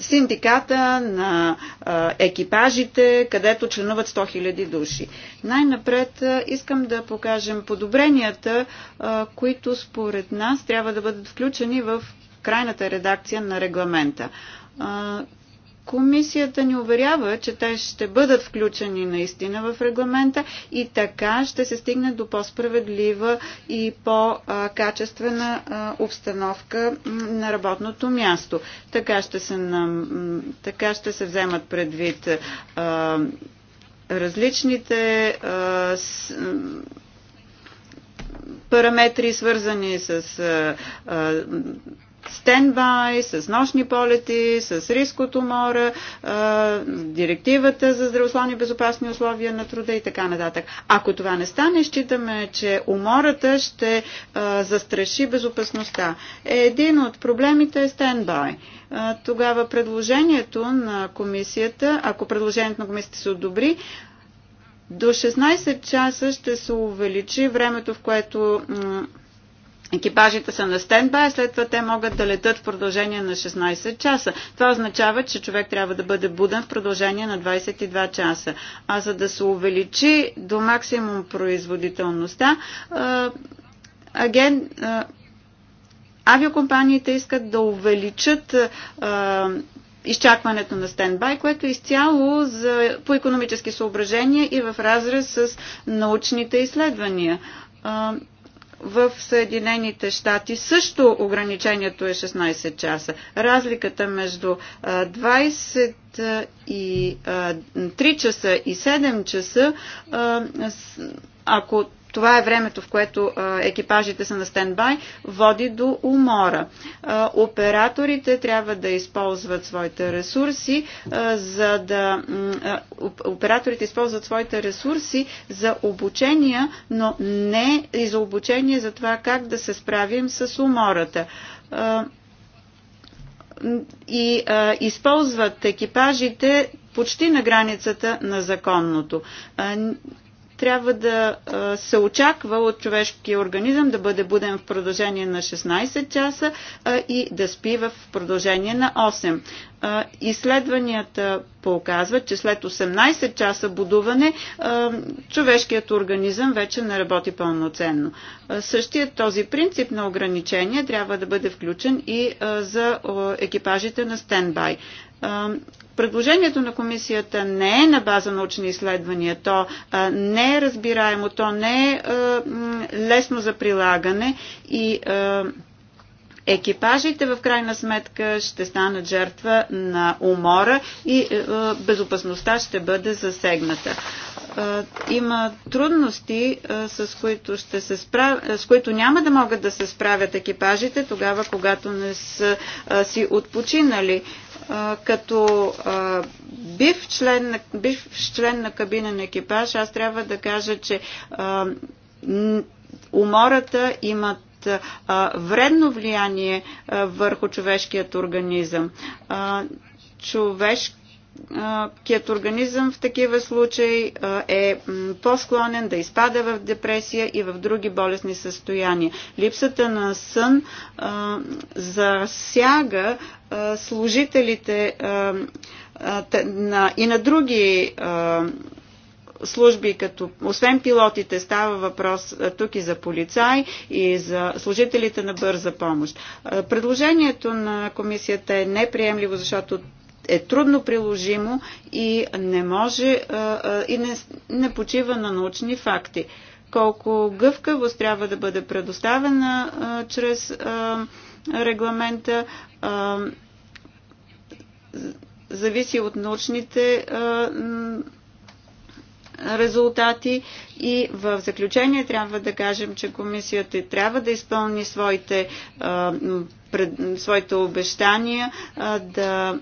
синдиката на екипажите, където членуват 100 000 души. Най-напред искам да покажем подобренията, които според нас трябва да бъдат включени в крайната редакция на регламента Комисията ни уверява, че те ще бъдат включени наистина в регламента и така ще се стигне до по-справедлива и по-качествена обстановка на работното място. Така ще се, нам... така ще се вземат предвид а, различните а, с параметри, свързани с а, а, стендбай, с нощни полети, с риск от умора, директивата за здравословни безопасни условия на труда и така нататък. Ако това не стане, считаме, че умората ще застраши безопасността. Един от проблемите е стендбай тогава предложението на комисията, ако предложението на комисията се одобри, до 16 часа ще се увеличи времето, в което Екипажите са на стендбай, след това те могат да летат в продължение на 16 часа. Това означава, че човек трябва да бъде буден в продължение на 22 часа. А за да се увеличи до максимум производителността, аген, авиокомпаниите искат да увеличат изчакването на стендбай, което е изцяло за, по економически съображения и в разрез с научните изследвания в Съединените щати също ограничението е 16 часа. Разликата между 20 и 3 часа и 7 часа, ако това е времето, в което екипажите са на стендбай, води до умора. Операторите трябва да използват своите ресурси, за да операторите използват своите ресурси за обучения, но не и за обучение за това как да се справим с умората и а, използват екипажите почти на границата на законното. А, трябва да се очаква от човешкия организъм да бъде буден в продължение на 16 часа и да спи в продължение на 8. Изследванията показват, че след 18 часа будуване човешкият организъм вече не работи пълноценно. Същият този принцип на ограничение трябва да бъде включен и за екипажите на стендбай Предложението на комисията не е на база научни изследвания, то не е разбираемо, то не е лесно за прилагане и екипажите в крайна сметка ще станат жертва на умора и безопасността ще бъде засегната има трудности, с които, ще се справ... с които няма да могат да се справят екипажите тогава, когато не са си отпочинали. Като бив член, на... бив член на кабинен екипаж, аз трябва да кажа, че умората имат вредно влияние върху човешкият организъм. Човешки човешкият организъм в такива случаи е по-склонен да изпада в депресия и в други болесни състояния. Липсата на сън засяга служителите и на други служби, като освен пилотите става въпрос тук и за полицай и за служителите на бърза помощ. Предложението на комисията е неприемливо, защото е трудно приложимо и не може и не, не почива на научни факти. Колко гъвкавост трябва да бъде предоставена чрез регламента зависи от научните резултати и в заключение трябва да кажем, че комисията трябва да изпълни своите, своите обещания да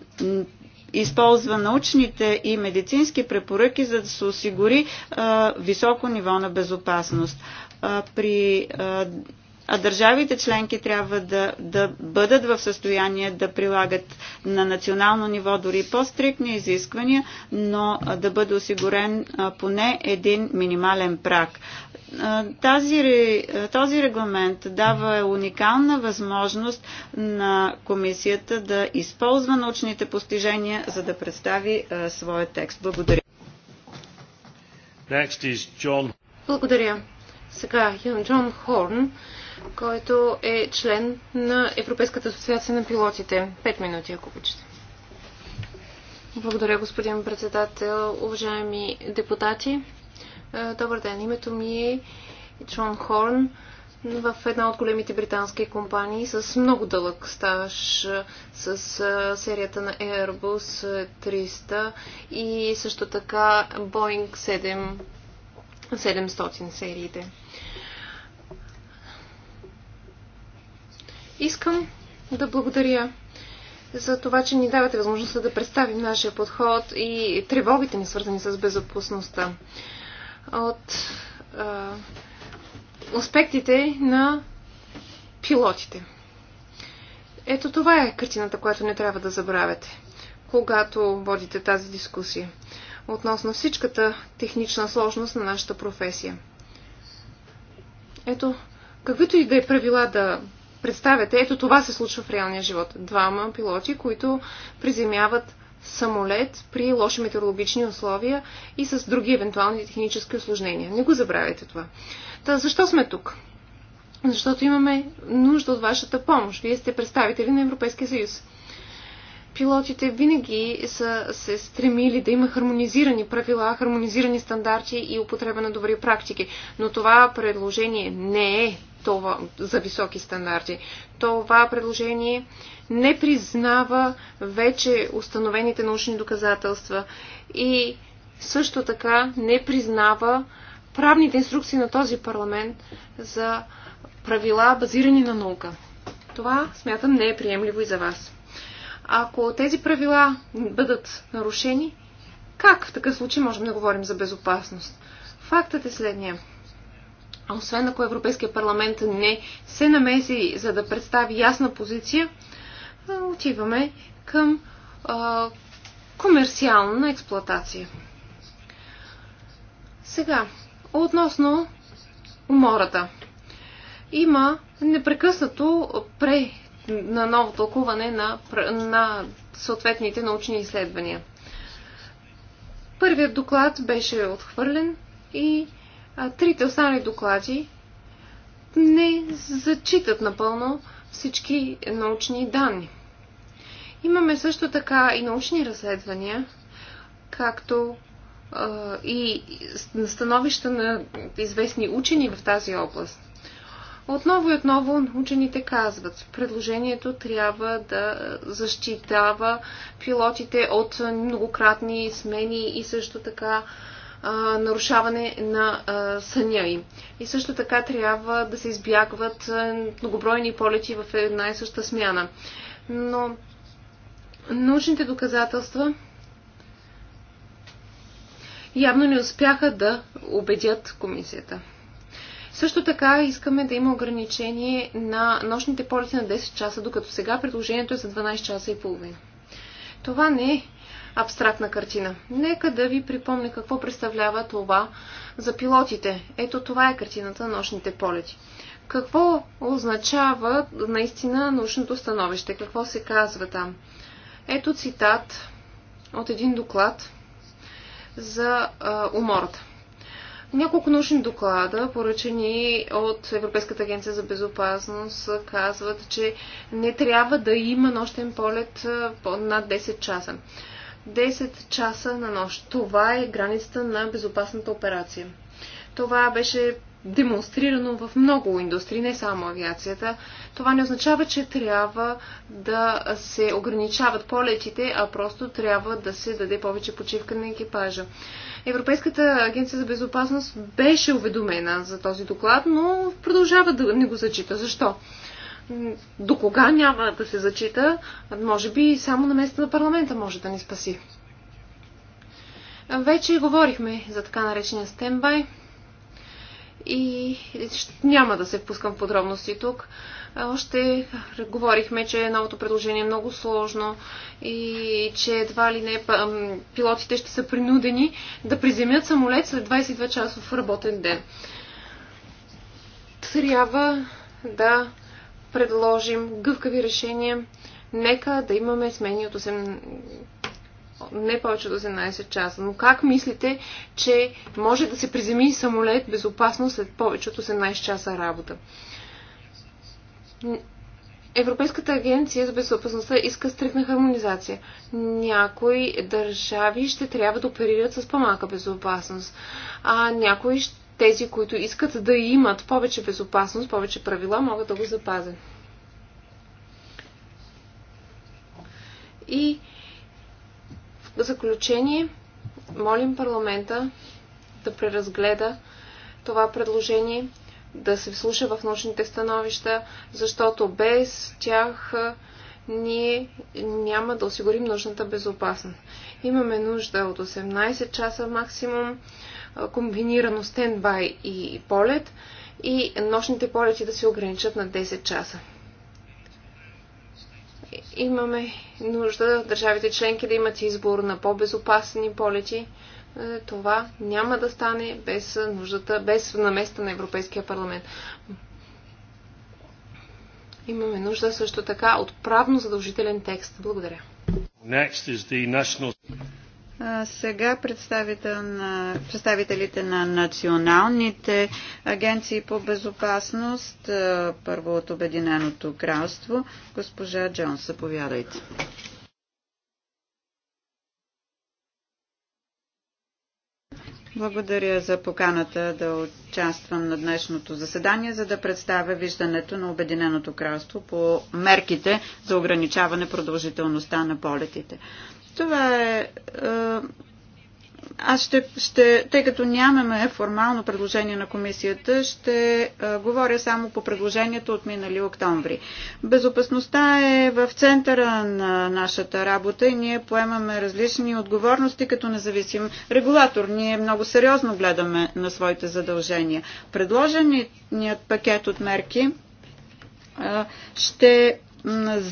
използва научните и медицински препоръки, за да се осигури високо ниво на безопасност. При а държавите членки трябва да, да бъдат в състояние да прилагат на национално ниво дори по-стрикни изисквания, но да бъде осигурен поне един минимален прак. Тази, този регламент дава уникална възможност на комисията да използва научните постижения, за да представи своя текст. Благодаря. Благодаря. Сега Ян Джон Хорн който е член на Европейската асоциация на пилотите. Пет минути, ако обичате. Благодаря, господин председател, уважаеми депутати. Е, добър ден, името ми е Джон Хорн в една от големите британски компании с много дълъг стаж е, с е, серията на Airbus 300 и също така Boeing 7, 700 сериите. Искам да благодаря за това, че ни давате възможността да представим нашия подход и тревогите ни, свързани с безопасността. От а, аспектите на пилотите. Ето това е картината, която не трябва да забравяте, когато водите тази дискусия относно всичката технична сложност на нашата професия. Ето, каквито и да е правила да представяте, ето това се случва в реалния живот. Двама пилоти, които приземяват самолет при лоши метеорологични условия и с други евентуални технически осложнения. Не го забравяйте това. Та, защо сме тук? Защото имаме нужда от вашата помощ. Вие сте представители на Европейския съюз. Пилотите винаги са се стремили да има хармонизирани правила, хармонизирани стандарти и употреба на добри практики. Но това предложение не е това, за високи стандарти. Това предложение не признава вече установените научни доказателства и също така не признава правните инструкции на този парламент за правила базирани на наука. Това, смятам, не е приемливо и за вас. Ако тези правила бъдат нарушени, как в такъв случай можем да говорим за безопасност? Фактът е следния освен ако Европейския парламент не се намеси, за да представи ясна позиция, отиваме към а, комерциална експлоатация. Сега, относно умората. Има непрекъснато пре на ново тълкуване на, на съответните научни изследвания. Първият доклад беше отхвърлен и а, трите останали доклади не зачитат напълно всички научни данни. Имаме също така и научни разследвания, както и становища на известни учени в тази област. Отново и отново учените казват, предложението трябва да защитава пилотите от многократни смени и също така нарушаване на а, съня им. И също така трябва да се избягват а, многобройни полети в една и съща смяна. Но научните доказателства явно не успяха да убедят комисията. Също така искаме да има ограничение на нощните полети на 10 часа, докато сега предложението е за 12 часа и половина. Това не е абстрактна картина. Нека да ви припомня какво представлява това за пилотите. Ето това е картината на нощните полети. Какво означава наистина научното становище? Какво се казва там? Ето цитат от един доклад за а, умората. Няколко научни доклада, поръчени от Европейската агенция за безопасност, казват, че не трябва да има нощен полет над 10 часа. 10 часа на нощ. Това е границата на безопасната операция. Това беше демонстрирано в много индустрии, не само авиацията. Това не означава, че трябва да се ограничават полетите, а просто трябва да се даде повече почивка на екипажа. Европейската агенция за безопасност беше уведомена за този доклад, но продължава да не го зачита. Защо? до кога няма да се зачита, може би само на места на парламента може да ни спаси. Вече говорихме за така наречения стендбай и няма да се впускам в подробности тук. Още говорихме, че новото предложение е много сложно и че едва ли не пилотите ще са принудени да приземят самолет след 22 часов работен ден. Трябва да предложим гъвкави решения. Нека да имаме смени от 8, не повече от 18 часа. Но как мислите, че може да се приземи самолет безопасно след повече от 18 часа работа? Европейската агенция за безопасността иска стрикна хармонизация. Някои държави ще трябва да оперират с по-малка безопасност, а някои ще тези, които искат да имат повече безопасност, повече правила, могат да го запазят. И в заключение, молим парламента да преразгледа това предложение, да се вслуша в научните становища, защото без тях ние няма да осигурим нужната безопасност. Имаме нужда от 18 часа максимум комбинирано стендбай и полет и нощните полети да се ограничат на 10 часа. Имаме нужда държавите членки да имат избор на по-безопасни полети. Е, това няма да стане без нуждата, без наместа на Европейския парламент. Имаме нужда също така от правно задължителен текст. Благодаря. Next is the national... Сега представител на, представителите на националните агенции по безопасност, първо от Обединеното кралство, госпожа Джонс, заповядайте. Благодаря за поканата да участвам на днешното заседание, за да представя виждането на Обединеното кралство по мерките за ограничаване продължителността на полетите. Това е, е. Аз ще, ще, тъй като нямаме формално предложение на комисията, ще а, е, говоря само по предложението от минали октомври. Безопасността е в центъра на нашата работа и ние поемаме различни отговорности като независим регулатор. Ние много сериозно гледаме на своите задължения. Предложеният пакет от мерки а, е, ще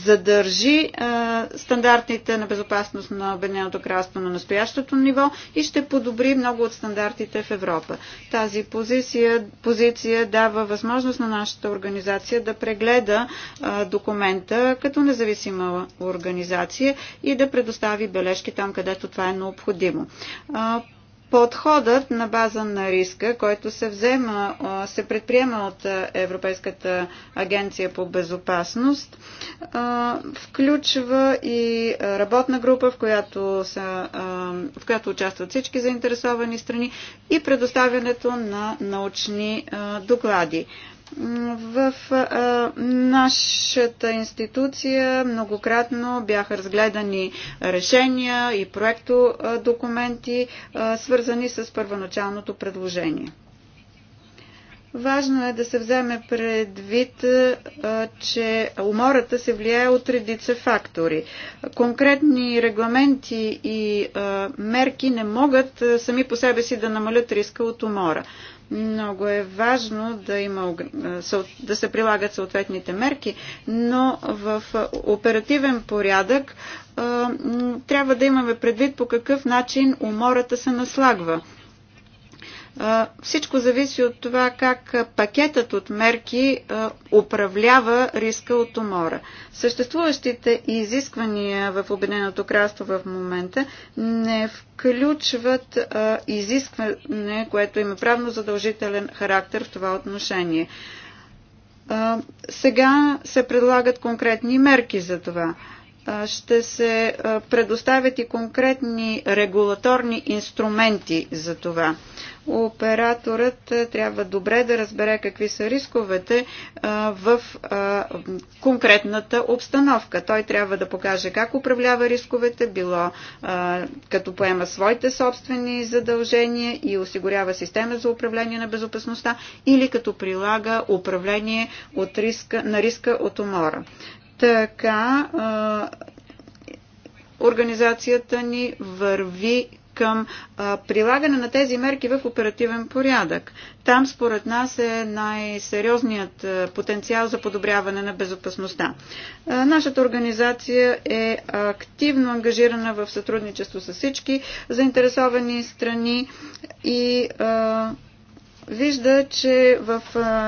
задържи а, стандартите на безопасност на Обединеното кралство на настоящото ниво и ще подобри много от стандартите в Европа. Тази позиция, позиция дава възможност на нашата организация да прегледа а, документа като независима организация и да предостави бележки там, където това е необходимо. А, подходът на база на риска, който се взема, се предприема от Европейската агенция по безопасност, включва и работна група, в която, са, в която участват всички заинтересовани страни и предоставянето на научни доклади. В а, нашата институция многократно бяха разгледани решения и проекто а, документи, а, свързани с първоначалното предложение. Важно е да се вземе предвид, че умората се влияе от редица фактори. Конкретни регламенти и мерки не могат сами по себе си да намалят риска от умора. Много е важно да, има, да се прилагат съответните мерки, но в оперативен порядък трябва да имаме предвид по какъв начин умората се наслагва. Всичко зависи от това как пакетът от мерки управлява риска от умора. Съществуващите изисквания в Обединеното кралство в момента не включват изискване, което има правно задължителен характер в това отношение. Сега се предлагат конкретни мерки за това ще се предоставят и конкретни регулаторни инструменти за това операторът трябва добре да разбере какви са рисковете в конкретната обстановка. Той трябва да покаже как управлява рисковете, било като поема своите собствени задължения и осигурява система за управление на безопасността или като прилага управление от риска, на риска от умора. Така организацията ни върви към а, прилагане на тези мерки в оперативен порядък. Там според нас е най-сериозният потенциал за подобряване на безопасността. А, нашата организация е активно ангажирана в сътрудничество с всички заинтересовани страни и а, вижда, че в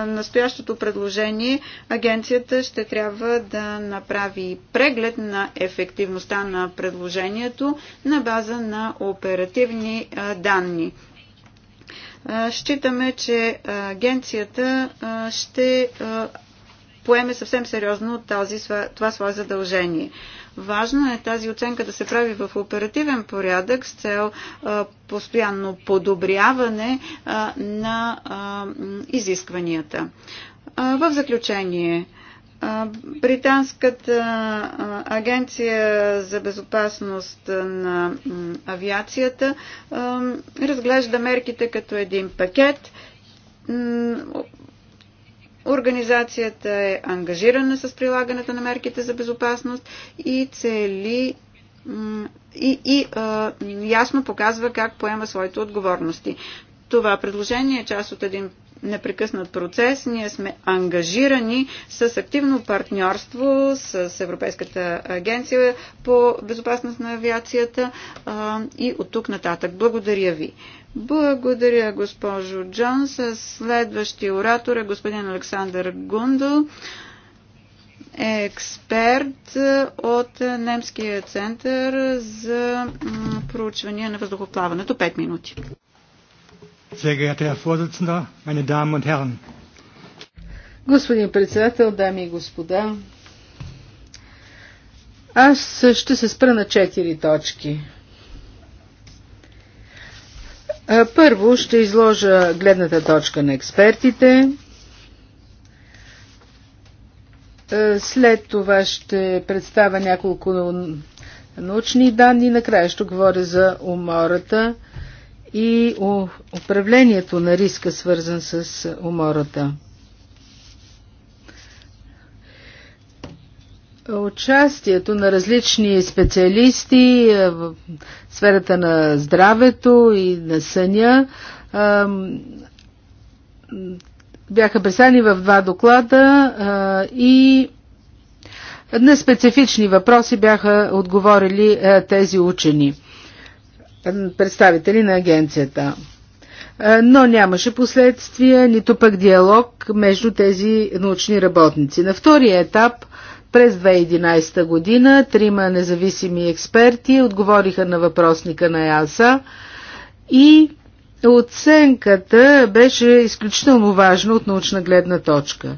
настоящото предложение агенцията ще трябва да направи преглед на ефективността на предложението на база на оперативни данни. Считаме, че агенцията ще поеме съвсем сериозно това свое задължение. Важно е тази оценка да се прави в оперативен порядък с цел постоянно подобряване на изискванията. В заключение, Британската агенция за безопасност на авиацията разглежда мерките като един пакет Организацията е ангажирана с прилагането на мерките за безопасност и цели и, и а, ясно показва как поема своите отговорности. Това предложение е част от един непрекъснат процес. Ние сме ангажирани с активно партньорство с Европейската агенция по безопасност на авиацията а, и от тук нататък. Благодаря ви. Благодаря, госпожо Джонс. Следващия оратор е господин Александър Гундл, експерт от Немския център за проучвания на въздухоплаването. Пет минути. Господин председател, дами и господа, аз ще се спра на четири точки. Е, първо ще изложа гледната точка на експертите. Е, след това ще представя няколко научни данни. Накрая ще говоря за умората и управлението на риска, свързан с умората. Участието на различни специалисти е, в сферата на здравето и на съня бяха представени в два доклада и на специфични въпроси бяха отговорили е, тези учени, представители на агенцията. Е, но нямаше последствия, нито пък диалог между тези научни работници. На втория етап – през 2011 година трима независими експерти отговориха на въпросника на ЯСА и оценката беше изключително важна от научна гледна точка.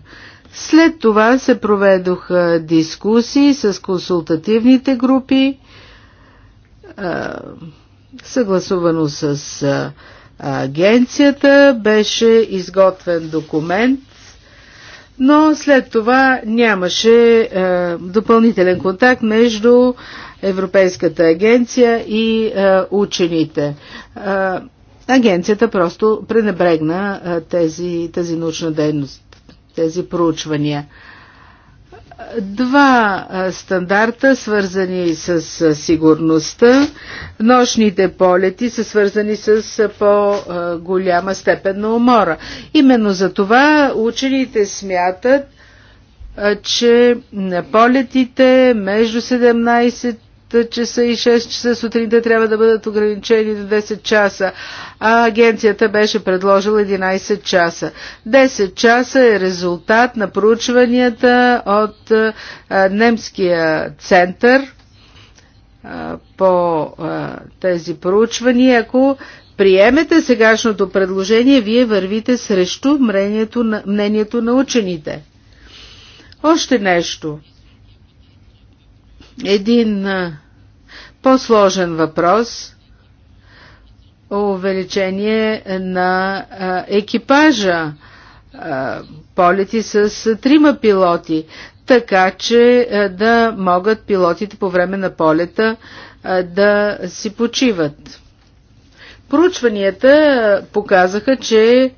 След това се проведоха дискусии с консултативните групи, съгласувано с агенцията, беше изготвен документ но след това нямаше е, допълнителен контакт между Европейската агенция и е, учените. Е, агенцията просто пренебрегна е, тези, тази научна дейност, тези проучвания два стандарта, свързани с сигурността. Нощните полети са свързани с по-голяма степен на умора. Именно за това учените смятат, че полетите между 17 часа и 6 часа сутринта трябва да бъдат ограничени до 10 часа, а агенцията беше предложила 11 часа. 10 часа е резултат на проучванията от немския център по тези проучвания. Ако приемете сегашното предложение, вие вървите срещу мнението на, мнението на учените. Още нещо – един по-сложен въпрос увеличение на екипажа полети с трима пилоти, така че да могат пилотите по време на полета да си почиват. Проучванията показаха, че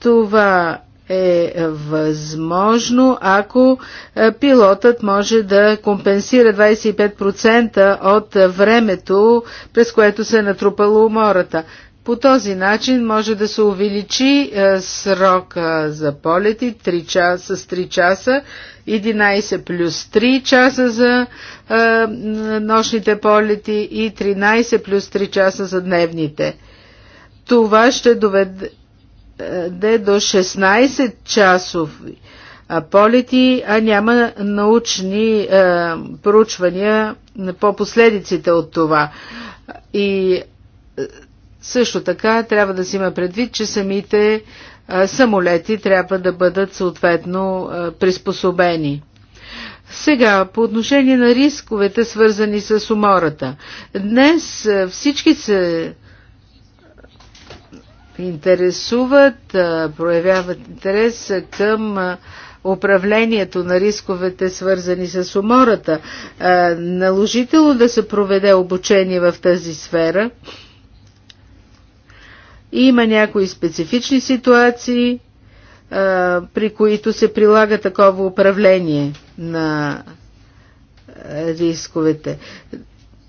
това е възможно, ако е, пилотът може да компенсира 25% от времето, през което се е натрупало умората. По този начин може да се увеличи е, срока за полети 3 часа, с 3 часа, 11 плюс 3 часа за е, нощните полети и 13 плюс 3 часа за дневните. Това ще доведе да до 16 часов полети, а няма научни е, проучвания по последиците от това. И е, също така трябва да си има предвид, че самите е, самолети трябва да бъдат съответно е, приспособени. Сега, по отношение на рисковете, свързани с умората. Днес е, всички се интересуват, проявяват интерес към управлението на рисковете, свързани с умората. Наложително да се проведе обучение в тази сфера. Има някои специфични ситуации, при които се прилага такова управление на рисковете.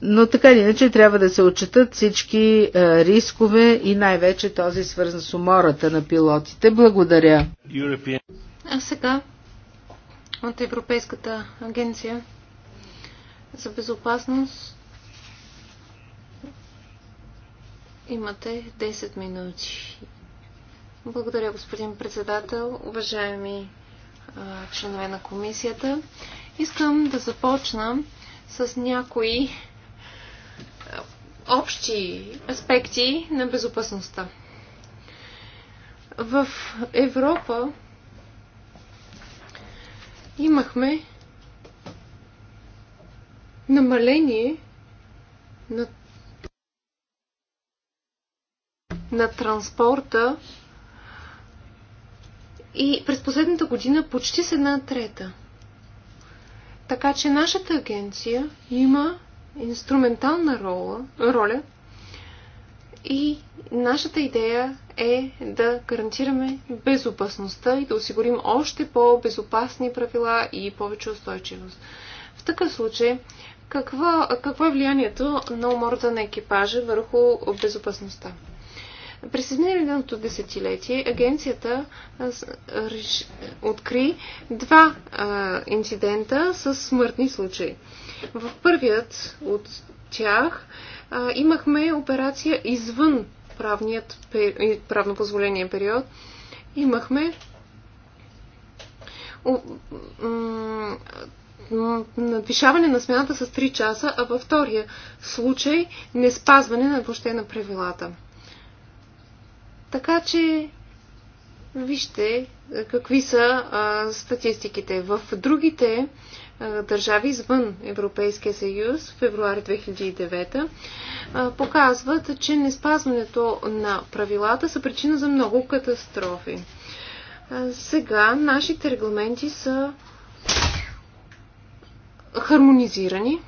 Но така или иначе трябва да се отчитат всички а, рискове и най-вече този свързан с умората на пилотите. Благодаря. European. А сега от Европейската агенция за безопасност имате 10 минути. Благодаря, господин председател, уважаеми а, членове на комисията. Искам да започна с някои общи аспекти на безопасността. В Европа имахме намаление на, на транспорта и през последната година почти с една трета. Така че нашата агенция има инструментална роля, роля и нашата идея е да гарантираме безопасността и да осигурим още по-безопасни правила и повече устойчивост. В такъв случай, какво, какво е влиянието на умората на екипажа върху безопасността? През изминалото десетилетие агенцията откри два а, инцидента с смъртни случаи. В първият от тях а, имахме операция извън правният, правно позволение период. Имахме надвишаване на смяната с 3 часа, а във втория случай не спазване на въобще на правилата. Така че вижте какви са а, статистиките. В другите държави извън Европейския съюз в февруари 2009 показват, че неспазването на правилата са причина за много катастрофи. Сега нашите регламенти са хармонизирани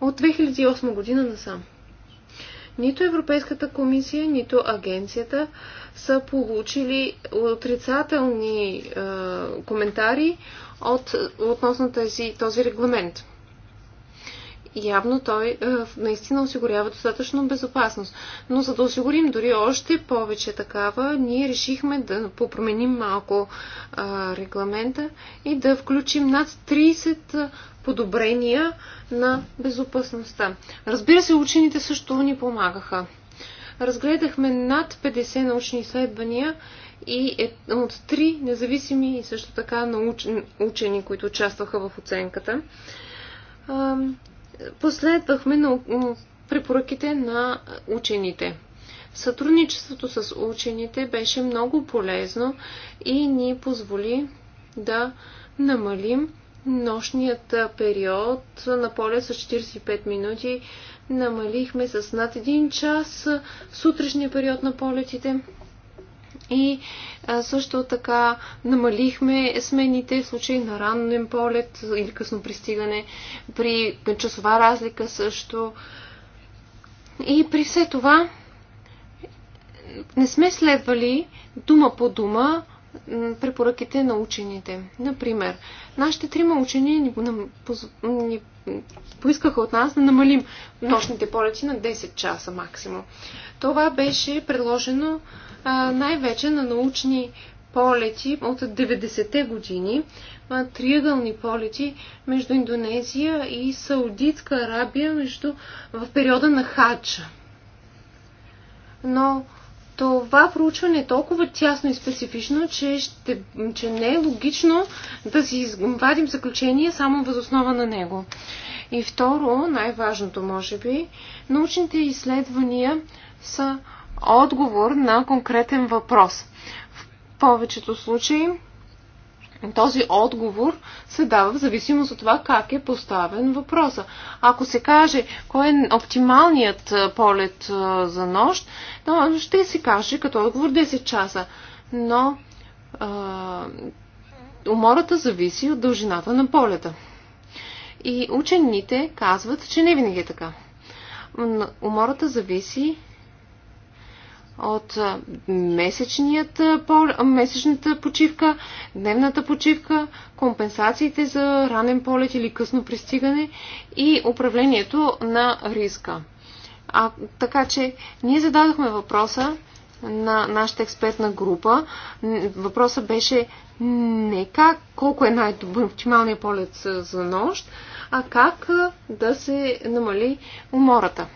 от 2008 година насам. Нито Европейската комисия, нито агенцията са получили отрицателни е, коментари от, относно тези, този регламент. Явно той е, наистина осигурява достатъчно безопасност. Но за да осигурим дори още повече такава, ние решихме да попроменим малко е, регламента и да включим над 30 подобрения на безопасността. Разбира се, учените също ни помагаха. Разгледахме над 50 научни изследвания и е от три независими и също така научен, учени, които участваха в оценката. Последвахме на препоръките на учените. Сътрудничеството с учените беше много полезно и ни позволи да намалим нощният период на поле с 45 минути. Намалихме с над един час сутрешния период на полетите и също така намалихме смените в случай на ранен полет или късно пристигане, при часова разлика също. И при все това не сме следвали дума по дума препоръките на учените. Например, нашите трима учени ни, ни поискаха от нас да намалим нощните полети на 10 часа максимум. Това беше предложено най-вече на научни полети от 90-те години, триъгълни полети между Индонезия и Саудитска Арабия между, в периода на хаджа. Но това проучване е толкова тясно и специфично, че, ще, че не е логично да си вадим заключение само възоснова на него. И второ, най-важното може би, научните изследвания са отговор на конкретен въпрос. В повечето случаи този отговор се дава в зависимост от това как е поставен въпроса. Ако се каже кой е оптималният полет за нощ, но ще се каже като отговор 10 часа. Но а, умората зависи от дължината на полета. И учените казват, че не винаги е така. Умората зависи от месечната почивка, дневната почивка, компенсациите за ранен полет или късно пристигане и управлението на риска. А, така че ние зададохме въпроса на нашата експертна група. Въпросът беше не как, колко е най-оптималният полет за нощ, а как да се намали умората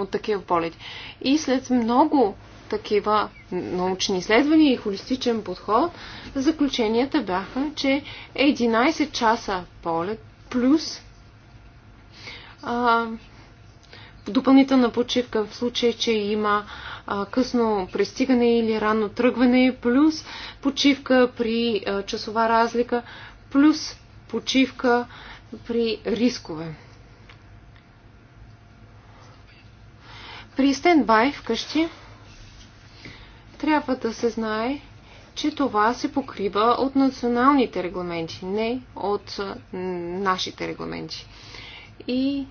от такива полети. И след много такива научни изследвания и холистичен подход, заключенията бяха, че 11 часа полет плюс а, допълнителна почивка в случай, че има а, късно пристигане или рано тръгване, плюс почивка при а, часова разлика, плюс почивка при рискове. При стендбай вкъщи трябва да се знае, че това се покрива от националните регламенти, не от нашите регламенти. И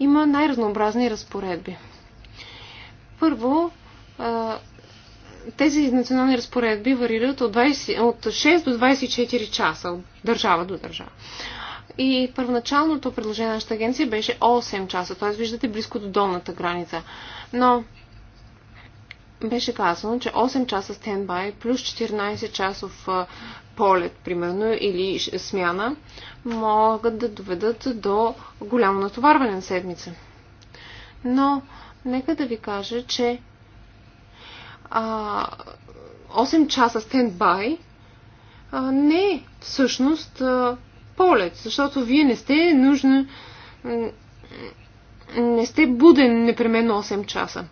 има най-разнообразни разпоредби. Първо, тези национални разпоредби варират от, 20, от 6 до 24 часа от държава до държава и първоначалното предложение на нашата агенция беше 8 часа, т.е. виждате близко до долната граница. Но беше казано, че 8 часа стендбай плюс 14 часов полет, примерно, или смяна, могат да доведат до голямо натоварване на седмица. Но, нека да ви кажа, че а, 8 часа стендбай не е всъщност а, полет, защото вие не сте нужна, не сте буден непременно 8 часа.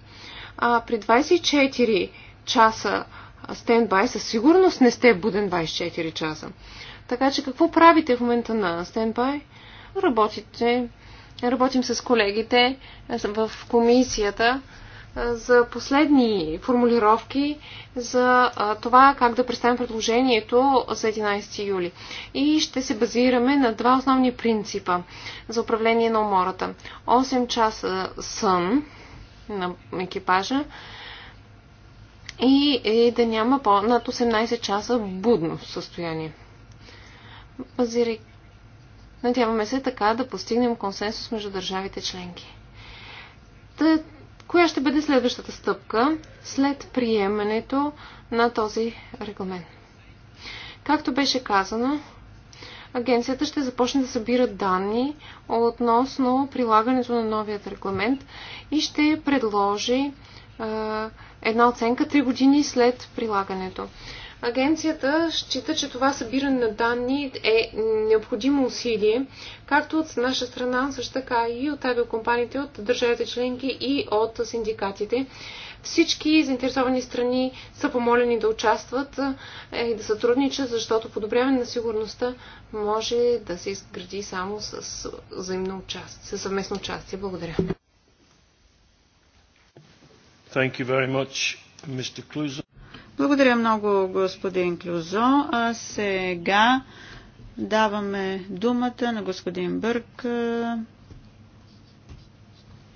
А при 24 часа стендбай със сигурност не сте буден 24 часа. Така че какво правите в момента на стендбай? Работите, работим с колегите в комисията за последни формулировки за това как да представим предложението за 11 юли. И ще се базираме на два основни принципа за управление на умората. 8 часа сън на екипажа и, и е да няма по- над 18 часа будно състояние. Базирай. Надяваме се така да постигнем консенсус между държавите членки. Тът Коя ще бъде следващата стъпка след приемането на този регламент? Както беше казано, агенцията ще започне да събира данни относно прилагането на новият регламент и ще предложи е, една оценка 3 години след прилагането. Агенцията счита, че това събиране на данни е необходимо усилие, както от наша страна, също така и от авиокомпаниите, от държавите членки и от синдикатите. Всички заинтересовани страни са помолени да участват е, и да сътрудничат, защото подобряване на сигурността може да се изгради само с взаимно участие, съвместно участие. Благодаря. Thank you very much, Mr. Cluzo. Благодаря много, господин Клюзо. А сега даваме думата на господин Бърк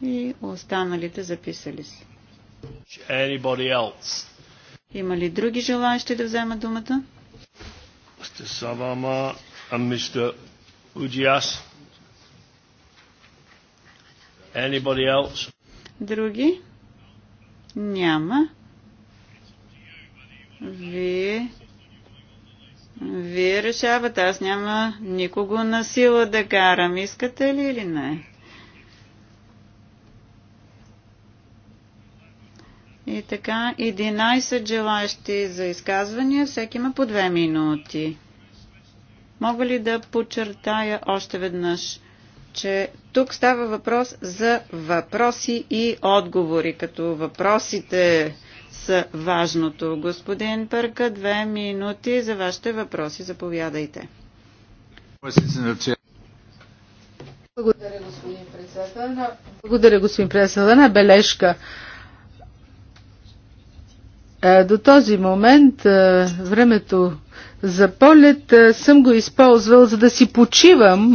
и останалите записали се. Има ли други желаящи да вземат думата? Mr. Savama and Mr. Ujias. Anybody else? Други? Няма. Вие... Вие решавате. Аз няма никого на сила да карам. Искате ли или не? И така, 11 желащи за изказвания. Всеки има по 2 минути. Мога ли да подчертая още веднъж, че тук става въпрос за въпроси и отговори, като въпросите важното. Господин Пърка, две минути за вашите въпроси. Заповядайте. Благодаря, господин председател. Благодаря, господин председател. Една бележка. Е, до този момент е, времето за полет е, съм го използвал, за да си почивам,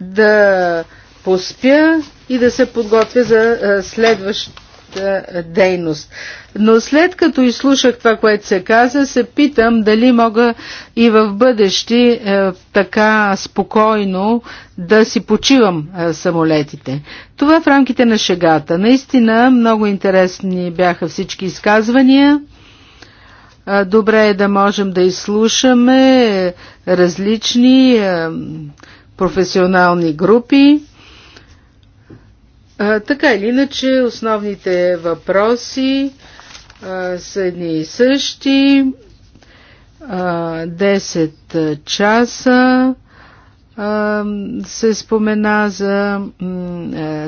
да поспя и да се подготвя за следващ своята дейност. Но след като изслушах това, което се каза, се питам дали мога и в бъдещи така спокойно да си почивам самолетите. Това в рамките на шегата. Наистина много интересни бяха всички изказвания. Добре е да можем да изслушаме различни професионални групи. А, така или иначе, основните въпроси а, са едни и същи. А, 10 часа а, се спомена за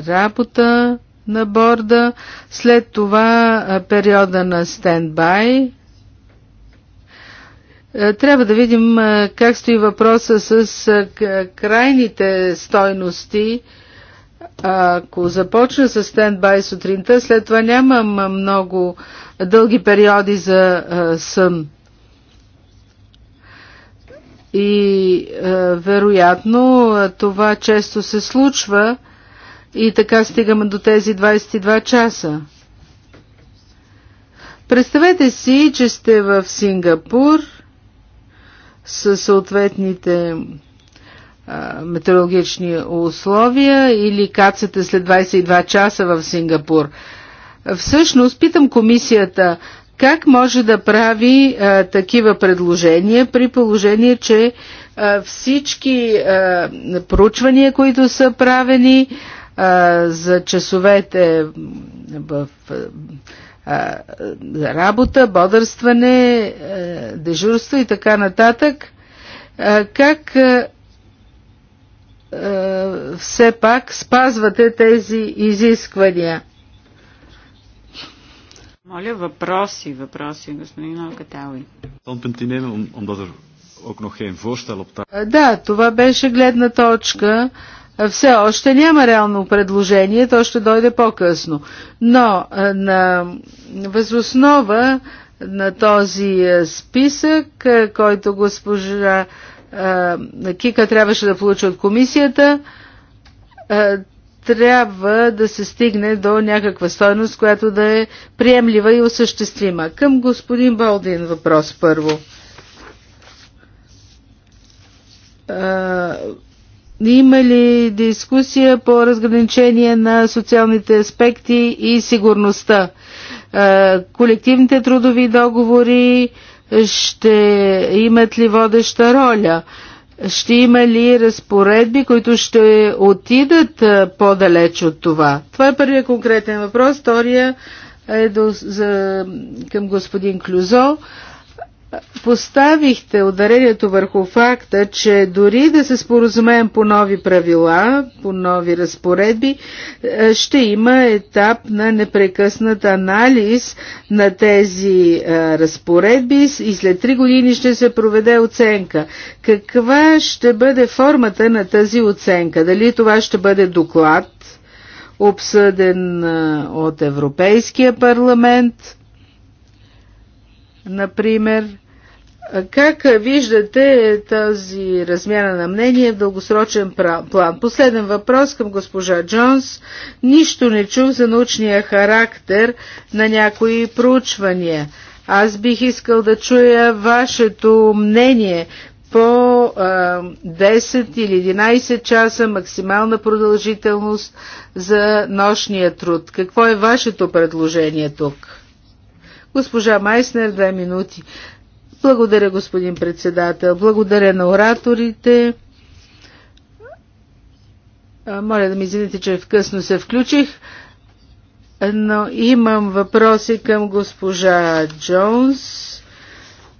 работа на борда, след това а, периода на стендбай. Трябва да видим а, как стои въпроса с а, крайните стойности, а, ако започна с стендбай сутринта, след това нямам много дълги периоди за а, сън. И а, вероятно това често се случва и така стигаме до тези 22 часа. Представете си, че сте в Сингапур със съответните метеорологични условия или кацате след 22 часа в Сингапур. Всъщност, питам комисията, как може да прави а, такива предложения при положение, че а, всички а, проучвания, които са правени а, за часовете в а, работа, бодърстване, а, дежурство и така нататък, а, как а, е, все пак спазвате тези изисквания. Моля въпроси, въпроси, господин Алкатауи. Е, да, това беше гледна точка. Е, все още няма реално предложение, то ще дойде по-късно. Но на възоснова на този списък, който госпожа е, Кика трябваше да получи от комисията, е, трябва да се стигне до някаква стойност, която да е приемлива и осъществима. Към господин Болдин въпрос първо. Е, има ли дискусия по разграничение на социалните аспекти и сигурността? Колективните трудови договори, ще имат ли водеща роля? Ще има ли разпоредби, които ще отидат по-далеч от това? Това е първият конкретен въпрос. Втория е до, за, към господин Клюзо поставихте ударението върху факта, че дори да се споразумеем по нови правила, по нови разпоредби, е, ще има етап на непрекъснат анализ на тези е, разпоредби и след три години ще се проведе оценка. Каква ще бъде формата на тази оценка? Дали това ще бъде доклад, обсъден е, от Европейския парламент? Например, как виждате тази размяна на мнение в дългосрочен план? Последен въпрос към госпожа Джонс. Нищо не чух за научния характер на някои проучвания. Аз бих искал да чуя вашето мнение по 10 или 11 часа максимална продължителност за нощния труд. Какво е вашето предложение тук? Госпожа Майснер, две минути. Благодаря, господин председател. Благодаря на ораторите. Моля да ми извините, че вкъсно се включих, но имам въпроси към госпожа Джонс.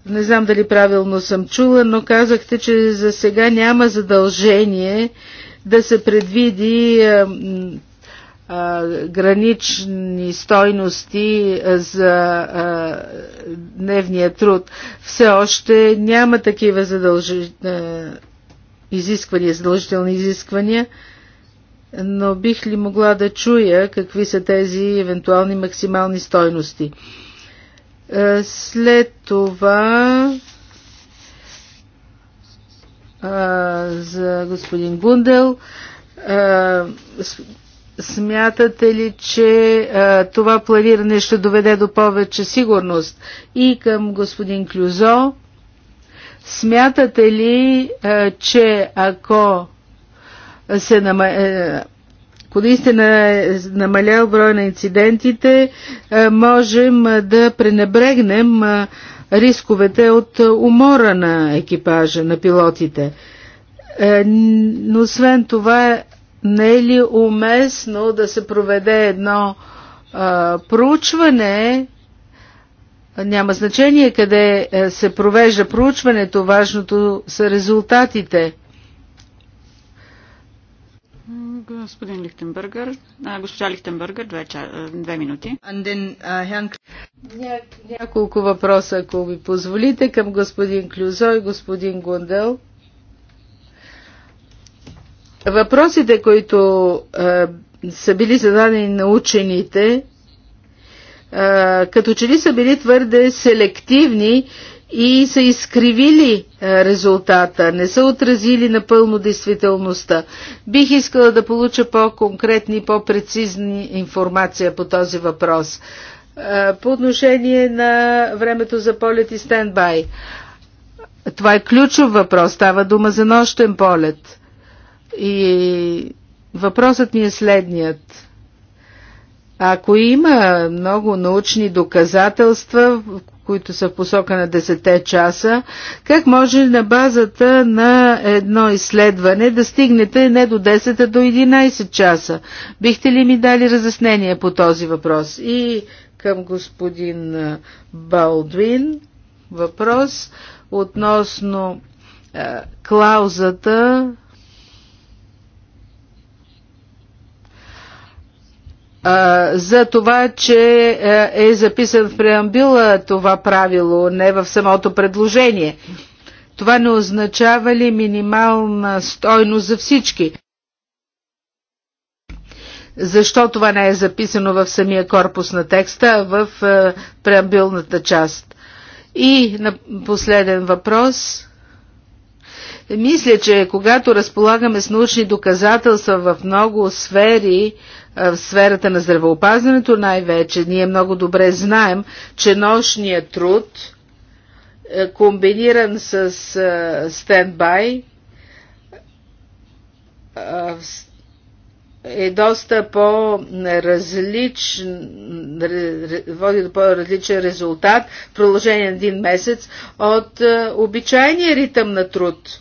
Не знам дали правилно съм чула, но казахте, че за сега няма задължение да се предвиди гранични стойности за дневния труд. Все още няма такива задължи... изисквания, задължителни изисквания, но бих ли могла да чуя какви са тези евентуални максимални стойности. След това за господин Гундел Смятате ли, че а, това планиране ще доведе до повече сигурност? И към господин Клюзо, смятате ли, а, че ако се нама... Е, ако наистина е намалял брой на инцидентите, е, можем да пренебрегнем рисковете от умора на екипажа, на пилотите. Е, но освен това не е ли уместно да се проведе едно а, проучване, няма значение къде е, се провежда проучването, важното са резултатите. Господин Лихтенбъргър, а, госпожа Лихтенбъргър, две, две минути. Then, uh, Ня, няколко въпроса, ако ви позволите, към господин Клюзо и господин Гондел. Въпросите, които а, е, са били зададени на учените, а, е, като че ли са били твърде селективни и са изкривили а, е, резултата, не са отразили напълно действителността. Бих искала да получа по-конкретни, по-прецизни информация по този въпрос. А, по отношение на времето за полет и стендбай. Това е ключов въпрос. Става дума за нощен полет и въпросът ми е следният. Ако има много научни доказателства, които са в посока на 10 часа, как може на базата на едно изследване да стигнете не до 10, а до 11 часа? Бихте ли ми дали разяснение по този въпрос? И към господин Балдвин въпрос относно е, клаузата за това, че е, е записан в преамбила това правило, не в самото предложение. Това не означава ли минимална стойност за всички? Защо това не е записано в самия корпус на текста, а в е, преамбилната част? И на последен въпрос. Мисля, че когато разполагаме с научни доказателства в много сфери, в сферата на здравеопазването най-вече. Ние много добре знаем, че нощният труд, комбиниран с стендбай, е доста по-различен, води до по-различен резултат в продължение на един месец от обичайния ритъм на труд –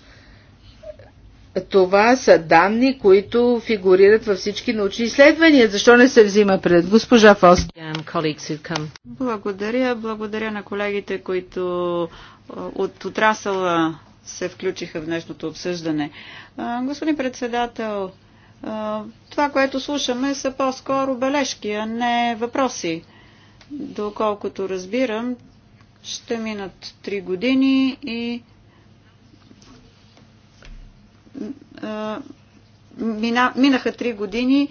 това са данни, които фигурират във всички научни изследвания. Защо не се взима пред госпожа Фост? Благодаря. Благодаря на колегите, които от отрасъла се включиха в днешното обсъждане. Господин председател, това, което слушаме, са по-скоро бележки, а не въпроси. Доколкото разбирам, ще минат три години и мина, минаха три години.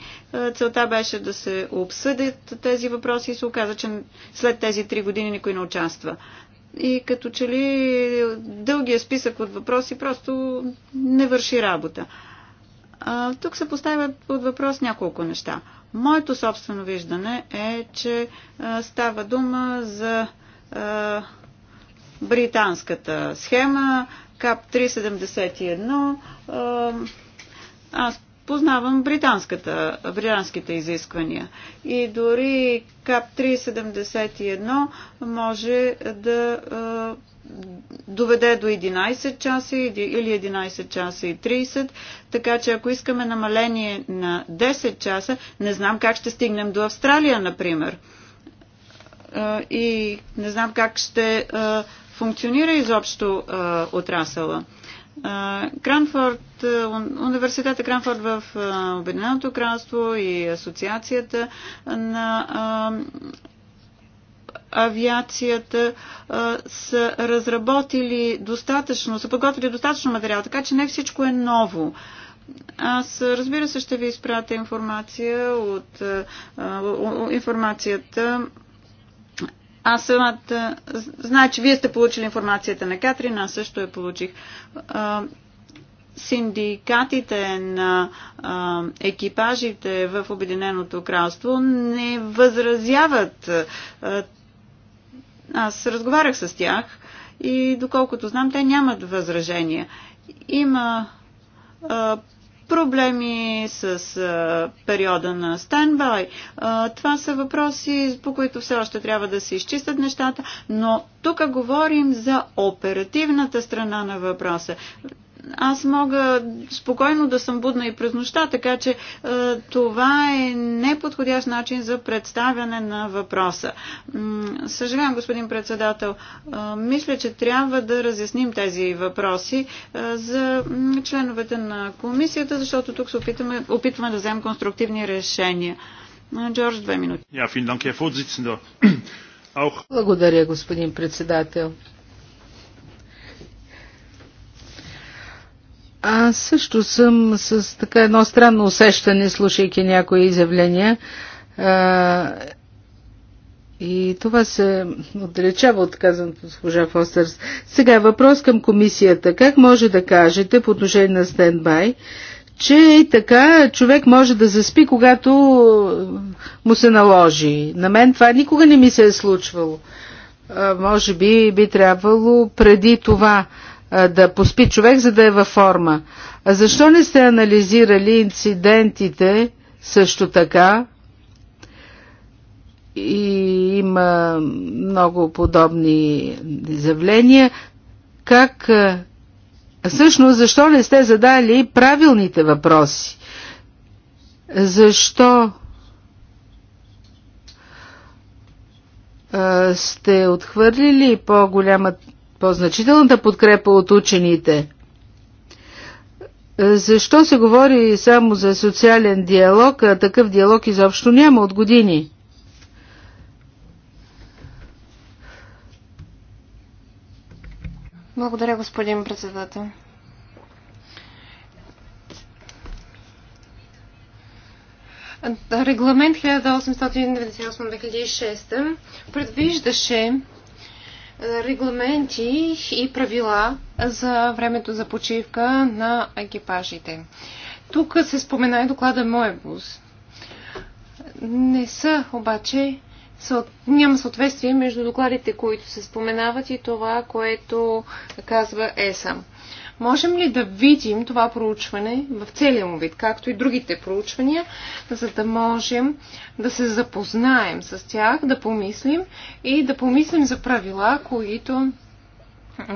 Целта беше да се обсъдят тези въпроси и се оказа, че след тези три години никой не участва. И като че ли дългия списък от въпроси просто не върши работа. А, тук се поставят под въпрос няколко неща. Моето собствено виждане е, че а, става дума за а, британската схема, а, КАП 371. Аз познавам британската, британските изисквания. И дори КАП 371 може да доведе до 11 часа или 11 часа и 30. Така че ако искаме намаление на 10 часа, не знам как ще стигнем до Австралия, например. и не знам как ще функционира изобщо а, отрасъла. Кранфорд, университета Кранфорд в Обединеното кралство и Асоциацията на авиацията са разработили достатъчно, са подготвили достатъчно материал, така че не всичко е ново. Аз, разбира се, ще ви изпратя информация от информацията аз самата... Значи, вие сте получили информацията на Катрин, аз също я получих. Синдикатите на екипажите в Обединеното кралство не възразяват. Аз разговарях с тях и доколкото знам, те нямат възражения. Има проблеми с а, периода на стендбай. това са въпроси, по които все още трябва да се изчистят нещата, но тук говорим за оперативната страна на въпроса аз мога спокойно да съм будна и през нощта, така че е, това е неподходящ начин за представяне на въпроса. Съжалявам, господин председател, е, мисля, че трябва да разясним тези въпроси е, за членовете на комисията, защото тук се опитваме, опитваме да вземем конструктивни решения. Джордж, две минути. Благодаря, господин председател. Аз също съм с така едно странно усещане, слушайки някои изявления. А, и това се отдалечава от казаното госпожа Фостърс. Сега е въпрос към комисията. Как може да кажете по отношение на стендбай, че и така човек може да заспи, когато му се наложи? На мен това никога не ми се е случвало. А, може би би трябвало преди това да поспи човек, за да е във форма. А Защо не сте анализирали инцидентите също така? И има много подобни изявления. Как Всъщност, защо не сте задали правилните въпроси? Защо сте отхвърлили по-голямата по-значителната подкрепа от учените. Е, защо се говори само за социален диалог, а такъв диалог изобщо няма от години? Благодаря, господин председател. Регламент 1898-2006 предвиждаше регламенти и правила за времето за почивка на екипажите. Тук се спомена и доклада Моебус. Не са обаче няма съответствие между докладите, които се споменават и това, което казва ЕСАМ. Можем ли да видим това проучване в целия му вид, както и другите проучвания, за да можем да се запознаем с тях, да помислим и да помислим за правила, които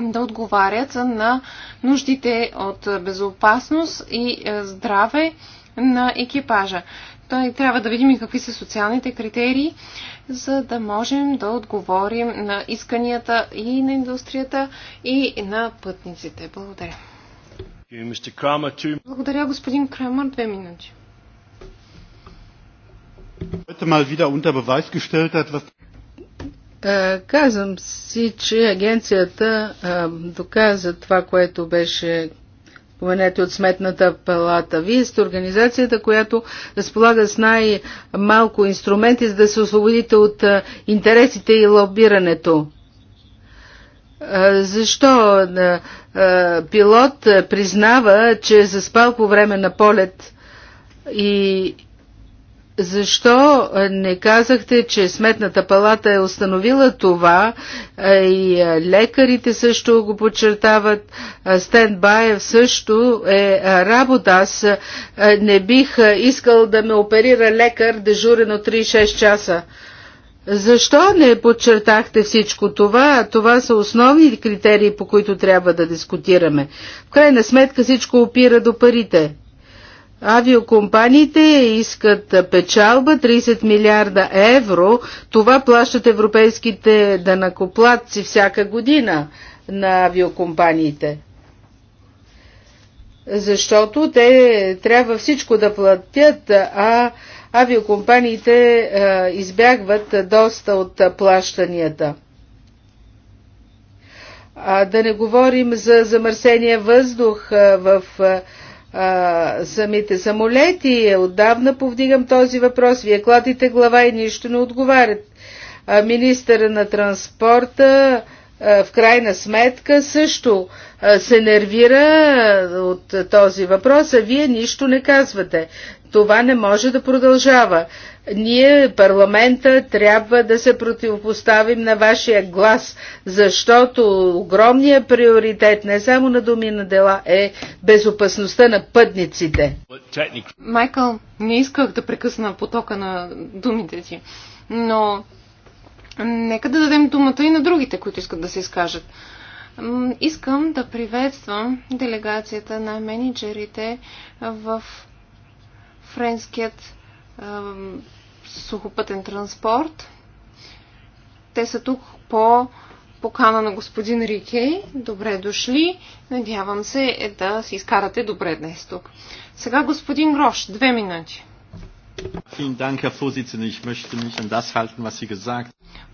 да отговарят на нуждите от безопасност и е, здраве на екипажа. Той трябва да видим и какви са социалните критерии, за да можем да отговорим на исканията и на индустрията, и на пътниците. Благодаря. Благодаря, господин Крамер. Две минути. Е, казвам си, че агенцията е, доказа това, което беше споменете от Сметната палата. Вие сте организацията, която разполага с най-малко инструменти, за да се освободите от интересите и лобирането. Защо пилот признава, че е заспал по време на полет и защо не казахте, че Сметната палата е установила това и лекарите също го подчертават, Баев също е работа. Аз не бих искал да ме оперира лекар дежурен от 3-6 часа. Защо не подчертахте всичко това? Това са основни критерии, по които трябва да дискутираме. В крайна сметка всичко опира до парите. Авиокомпаниите искат печалба 30 милиарда евро. Това плащат европейските данакоплатци всяка година на авиокомпаниите. Защото те трябва всичко да платят, а авиокомпаниите избягват доста от плащанията. А да не говорим за замърсения въздух в а, самите самолети. Отдавна повдигам този въпрос. Вие кладите глава и нищо не отговарят. А, министъра на транспорта а, в крайна сметка също а, се нервира от този въпрос, а вие нищо не казвате. Това не може да продължава. Ние, парламента, трябва да се противопоставим на вашия глас, защото огромният приоритет не само на думи на дела е безопасността на пътниците. Майкъл, не исках да прекъсна потока на думите ти, но нека да дадем думата и на другите, които искат да се изкажат. Искам да приветствам делегацията на менеджерите в френският сухопътен транспорт. Те са тук по покана на господин Рике. Добре дошли. Надявам се е да си изкарате добре днес тук. Сега господин Грош, две минути.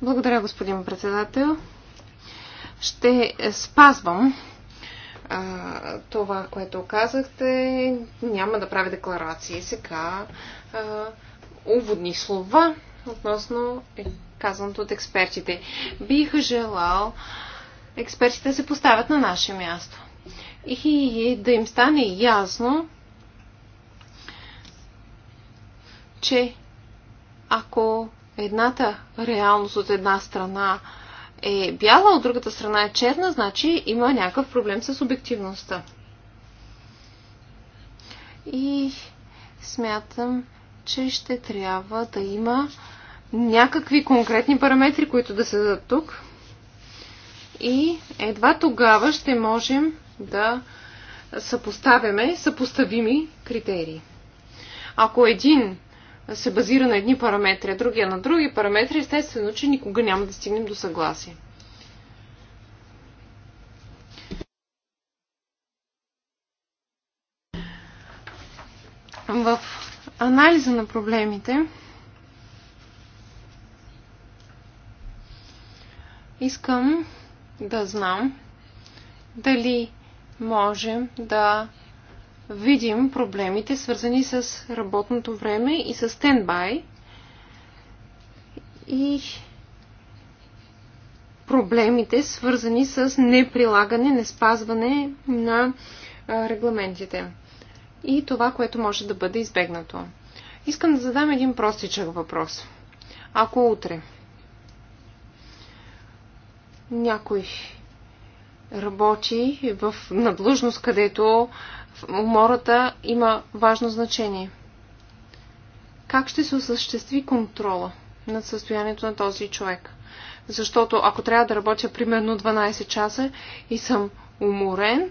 Благодаря, господин председател. Ще спазвам а, това, което казахте. Няма да правя декларации сега. А, уводни слова относно е, казаното от експертите. Бих желал експертите да се поставят на наше място и да им стане ясно, че ако едната реалност от една страна е бяла, от другата страна е черна, значи има някакъв проблем с обективността. И смятам, че ще трябва да има някакви конкретни параметри, които да се дадат тук. И едва тогава ще можем да съпоставяме съпоставими критерии. Ако един се базира на едни параметри, а другия на други параметри, естествено, че никога няма да стигнем до съгласие. В анализа на проблемите, искам да знам дали можем да видим проблемите, свързани с работното време и с стендбай и проблемите, свързани с неприлагане, неспазване на регламентите и това, което може да бъде избегнато. Искам да задам един простичък въпрос. Ако утре някой работи в надлъжност, където умората има важно значение. Как ще се осъществи контрола над състоянието на този човек? Защото ако трябва да работя примерно 12 часа и съм уморен,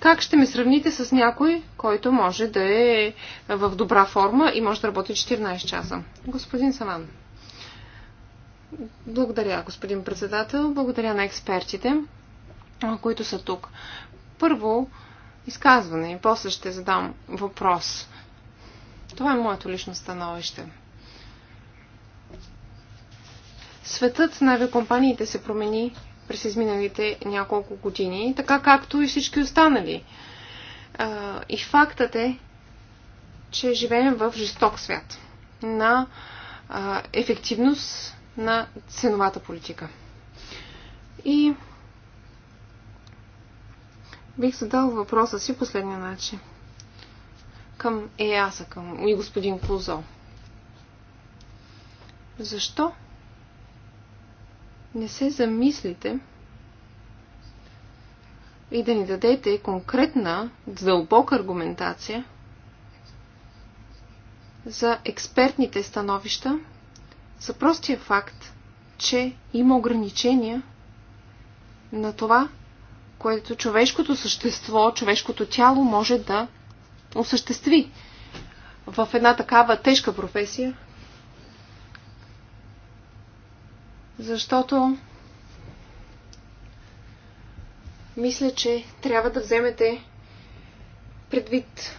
Как ще ме сравните с някой, който може да е в добра форма и може да работи 14 часа? Господин Саван. Благодаря, господин председател. Благодаря на експертите, които са тук. Първо, изказване и после ще задам въпрос. Това е моето лично становище. Светът на авиакомпаниите се промени през изминалите няколко години, така както и всички останали. И фактът е, че живеем в жесток свят на ефективност на ценовата политика. И бих задал въпроса си последния начин. Към ЕАСа, към и господин Клузо. Защо не се замислите и да ни дадете конкретна, дълбока аргументация за експертните становища, за простия факт, че има ограничения на това, което човешкото същество, човешкото тяло може да осъществи в една такава тежка професия, защото мисля, че трябва да вземете предвид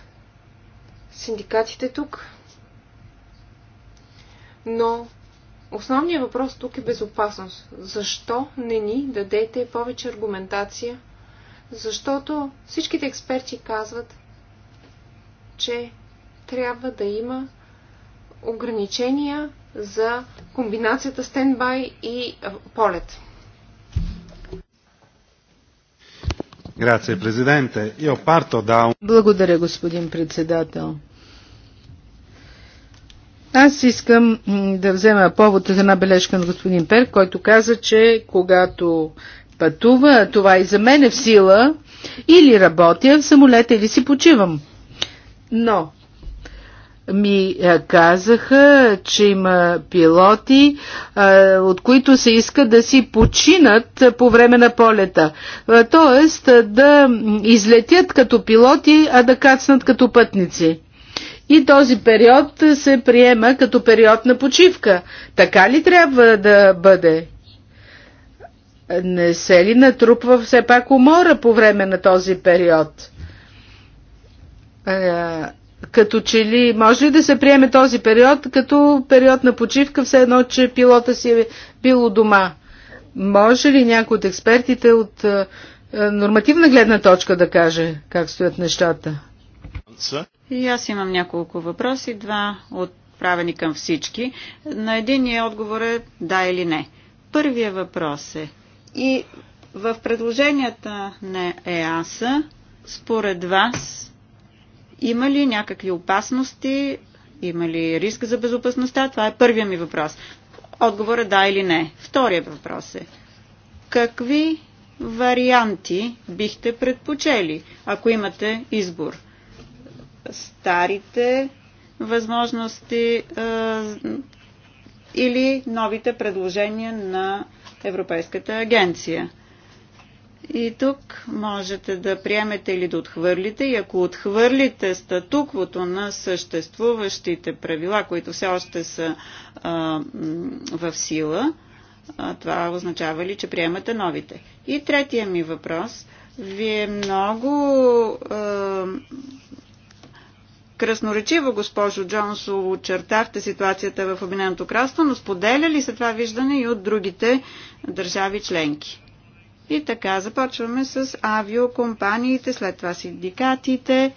синдикатите тук, но основният въпрос тук е безопасност. Защо не ни дадете повече аргументация? Защото всичките експерти казват, че трябва да има ограничения за комбинацията стендбай и полет. Благодаря, господин председател. Аз искам да взема повод за една бележка на господин Пер, който каза, че когато пътува, това и за мен е в сила, или работя в самолета, или си почивам. Но ми е, казаха, че има пилоти, е, от които се иска да си починат по време на полета. Е, тоест да излетят като пилоти, а да кацнат като пътници. И този период се приема като период на почивка. Така ли трябва да бъде? Не се ли натрупва все пак умора по време на този период? като че ли може ли да се приеме този период като период на почивка, все едно, че пилота си е бил у дома? Може ли някой от експертите от е, е нормативна гледна точка да каже как стоят нещата? И аз имам няколко въпроси, два отправени към всички. На единия е отговор е да или не. Първия въпрос е и в предложенията на ЕАСА, според вас, има ли някакви опасности? Има ли риск за безопасността? Това е първия ми въпрос. Отговорът да или не. Втория въпрос е. Какви варианти бихте предпочели, ако имате избор? Старите възможности или новите предложения на Европейската агенция? И тук можете да приемете или да отхвърлите. И ако отхвърлите статуквото на съществуващите правила, които все още са а, в сила, а, това означава ли, че приемате новите? И третия ми въпрос. Вие много а, красноречиво, госпожо Джонс, очертахте ситуацията в Обединеното кралство, но споделя ли се това виждане и от другите държави членки? И така, започваме с авиокомпаниите, след това синдикатите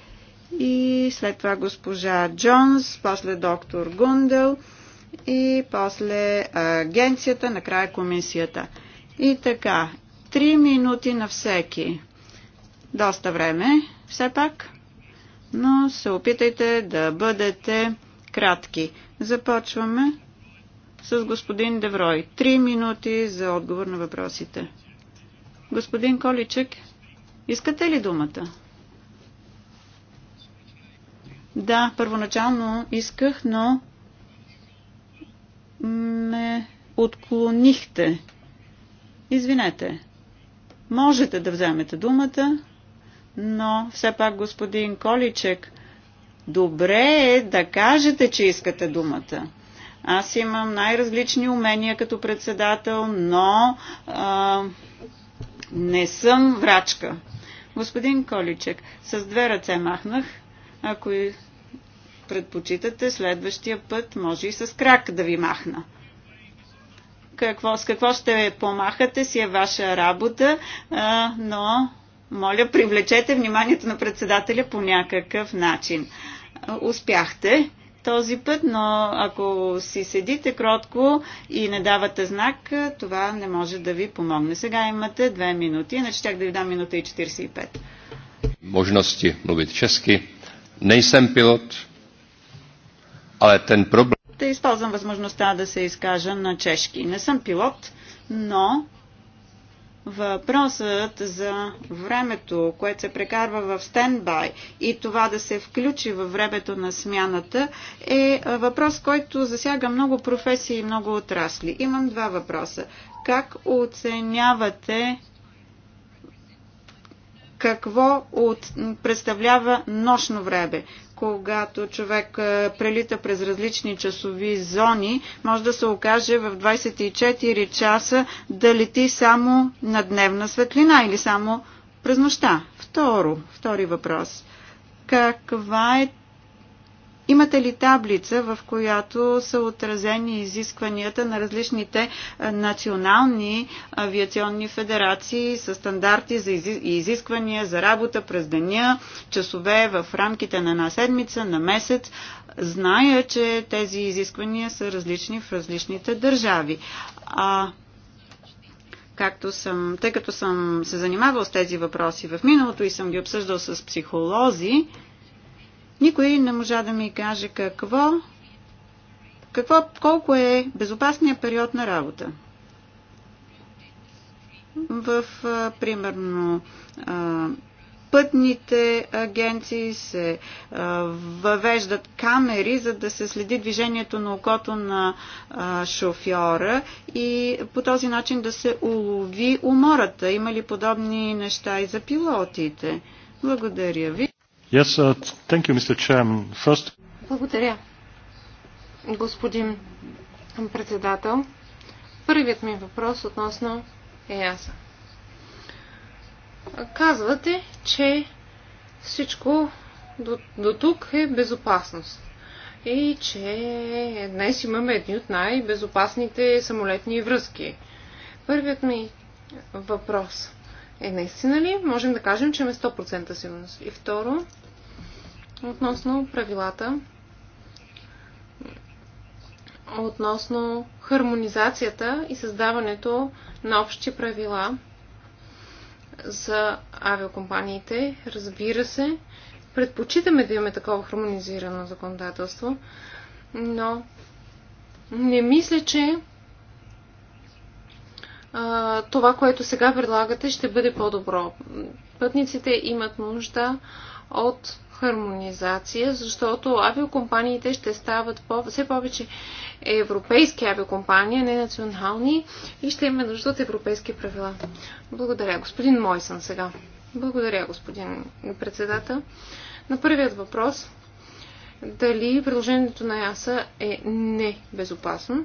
и след това госпожа Джонс, после доктор Гундел и после агенцията, накрая комисията. И така, три минути на всеки. Доста време, все пак, но се опитайте да бъдете кратки. Започваме с господин Деврой. Три минути за отговор на въпросите. Господин Количек, искате ли думата? Да, първоначално исках, но ме отклонихте. Извинете. Можете да вземете думата, но все пак, господин Количек, добре е да кажете, че искате думата. Аз имам най-различни умения като председател, но а, не съм врачка. Господин Количек, с две ръце махнах. Ако предпочитате, следващия път може и с крак да ви махна. Какво, с какво ще помахате си е ваша работа, а, но моля, привлечете вниманието на председателя по някакъв начин. Успяхте този път, но ако си седите кротко и не давате знак, това не може да ви помогне. Сега имате две минути, иначе тях да ви дам минута и 45. Можности мовит чески. Не съм пилот, але тен проблем... Да използвам възможността да се изкажа на чешки. Не съм пилот, но Въпросът за времето, което се прекарва в стендбай и това да се включи във времето на смяната е въпрос, който засяга много професии и много отрасли. Имам два въпроса. Как оценявате какво от, представлява нощно време? когато човек прелита през различни часови зони, може да се окаже в 24 часа да лети само на дневна светлина или само през нощта. Второ, втори въпрос. Каква е Имате ли таблица, в която са отразени изискванията на различните е, национални авиационни федерации с стандарти за изисквания за работа през деня, часове в рамките на една седмица, на месец? Зная, че тези изисквания са различни в различните държави. А както съм, тъй като съм се занимавал с тези въпроси в миналото и съм ги обсъждал с психолози, никой не можа да ми каже какво, какво колко е безопасният период на работа. В, а, примерно, а, пътните агенции се а, въвеждат камери, за да се следи движението на окото на а, шофьора и по този начин да се улови умората. Има ли подобни неща и за пилотите? Благодаря ви. Yes, uh, thank you, Mr. Chairman. First... Благодаря, господин председател. Първият ми въпрос относно ЕАСА. Казвате, че всичко до, до тук е безопасност. И че днес имаме едни от най-безопасните самолетни връзки. Първият ми въпрос – е, наистина ли? Можем да кажем, че имаме 100% сигурност. И второ, относно правилата, относно хармонизацията и създаването на общи правила за авиокомпаниите. Разбира се, предпочитаме да имаме такова хармонизирано законодателство, но не мисля, че това, което сега предлагате, ще бъде по-добро. Пътниците имат нужда от хармонизация, защото авиокомпаниите ще стават по- все повече европейски авиокомпании, не национални и ще имаме нужда от европейски правила. Благодаря. Господин Мойсън сега. Благодаря, господин председател. На първият въпрос, дали предложението на ЯСА е небезопасно?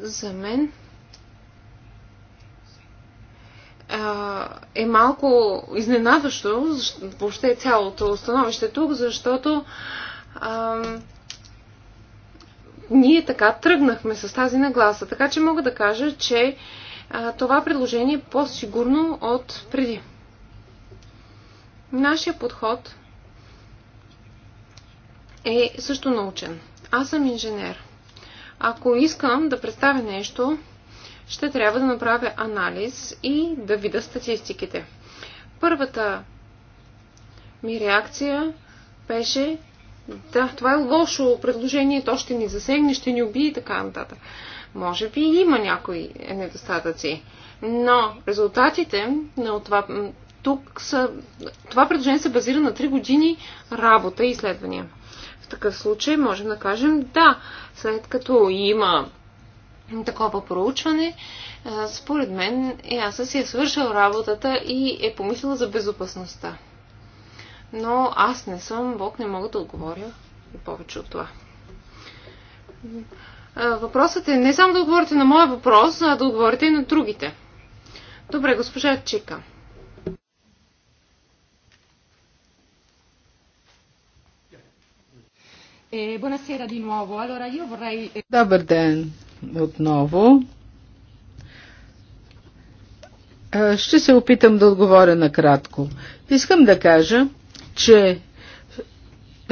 за мен е малко изненадващо, въобще цялото становище тук, защото а, ние така тръгнахме с тази нагласа. Така че мога да кажа, че а, това предложение е по-сигурно от преди. Нашия подход е също научен. Аз съм инженер. Ако искам да представя нещо, ще трябва да направя анализ и да видя статистиките. Първата ми реакция беше да, това е лошо предложение, то ще ни засегне, ще ни убие и така нататък. Може би има някои недостатъци, но резултатите на това, тук са, това предложение се базира на 3 години работа и изследвания такъв случай можем да кажем да, след като има такова проучване, според мен е, аз си е свършил работата и е помислила за безопасността. Но аз не съм Бог, не мога да отговоря и повече от това. Въпросът е не само да отговорите на моя въпрос, а да отговорите и на другите. Добре, госпожа Чика. E, eh, Добър ден отново. Е, ще се опитам да отговоря накратко. Искам да кажа, че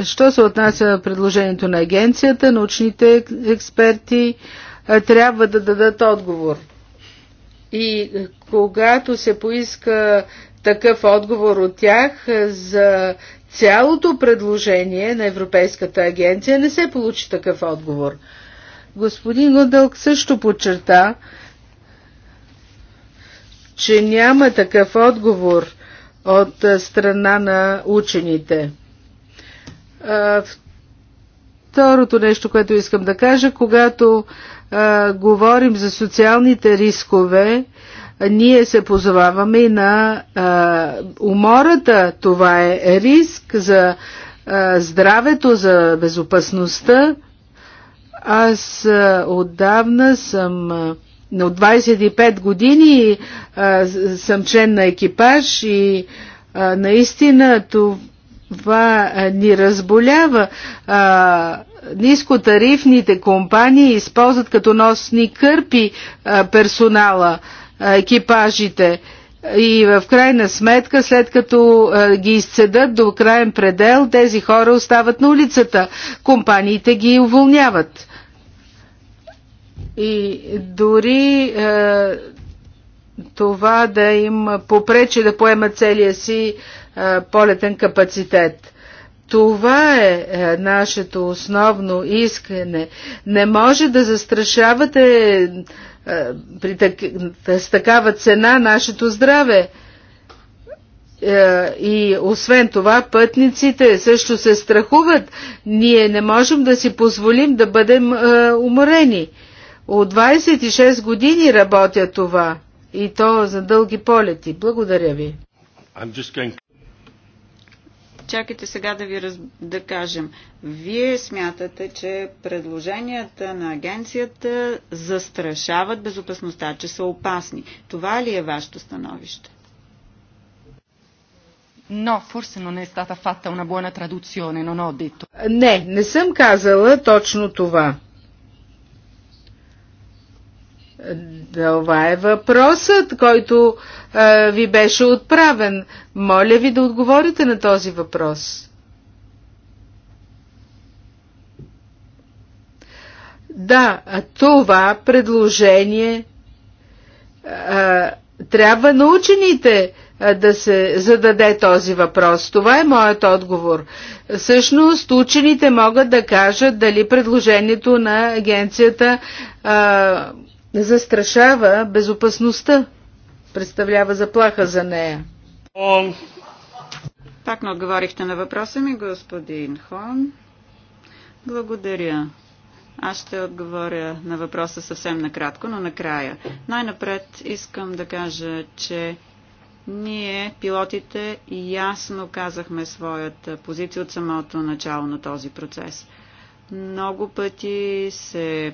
що се отнася на предложението на агенцията, научните експерти е, трябва да дадат отговор. И е, когато се поиска такъв отговор от тях за цялото предложение на Европейската агенция не се получи такъв отговор. Господин Гондълк също подчерта, че няма такъв отговор от страна на учените. Второто нещо, което искам да кажа, когато а, говорим за социалните рискове, ние се позоваваме и на а, умората. Това е риск за а, здравето, за безопасността. Аз а, отдавна съм. А, от 25 години а, съм член на екипаж и а, наистина това а, ни разболява. А, нискотарифните компании използват като носни кърпи а, персонала екипажите. И в крайна сметка, след като ги изцедат до краен предел, тези хора остават на улицата. Компаниите ги уволняват. И дори това да им попречи да поемат целия си полетен капацитет. Това е, е нашето основно искане. Не може да застрашавате е, при так... с такава цена нашето здраве. Е, и освен това, пътниците също се страхуват. Ние не можем да си позволим да бъдем е, уморени. От 26 години работя това. И то за дълги полети. Благодаря ви. Чакайте сега да ви раз... да кажем. Вие смятате, че предложенията на агенцията застрашават безопасността, че са опасни. Това ли е вашето становище? Но, форсе, но не е стата una на буена традуционе, но detto. Не, не съм казала точно това. Е, това е въпросът, който ви беше отправен. Моля ви да отговорите на този въпрос. Да, това предложение а, трябва на учените да се зададе този въпрос. Това е моят отговор. Всъщност, учените могат да кажат дали предложението на агенцията а, застрашава безопасността представлява заплаха за нея. Пак не отговорихте на въпроса ми, господин Хон. Благодаря. Аз ще отговоря на въпроса съвсем накратко, но накрая. Най-напред искам да кажа, че ние, пилотите, ясно казахме своята позиция от самото начало на този процес. Много пъти се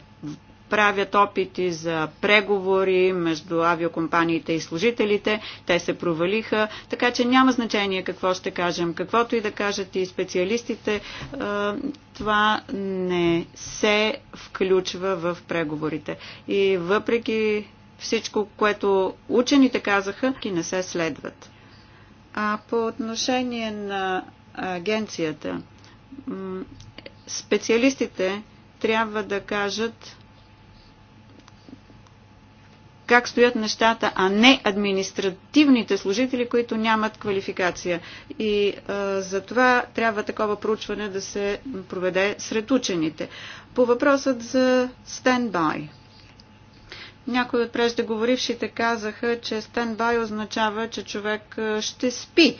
правят опити за преговори между авиокомпаниите и служителите. Те се провалиха, така че няма значение какво ще кажем. Каквото и да кажат и специалистите, е, това не се включва в преговорите. И въпреки всичко, което учените казаха, и не се следват. А по отношение на агенцията, специалистите трябва да кажат как стоят нещата, а не административните служители, които нямат квалификация. И а, за това трябва такова проучване да се проведе сред учените. По въпросът за стендбай. Някои от преждеговорившите казаха, че стендбай означава, че човек ще спи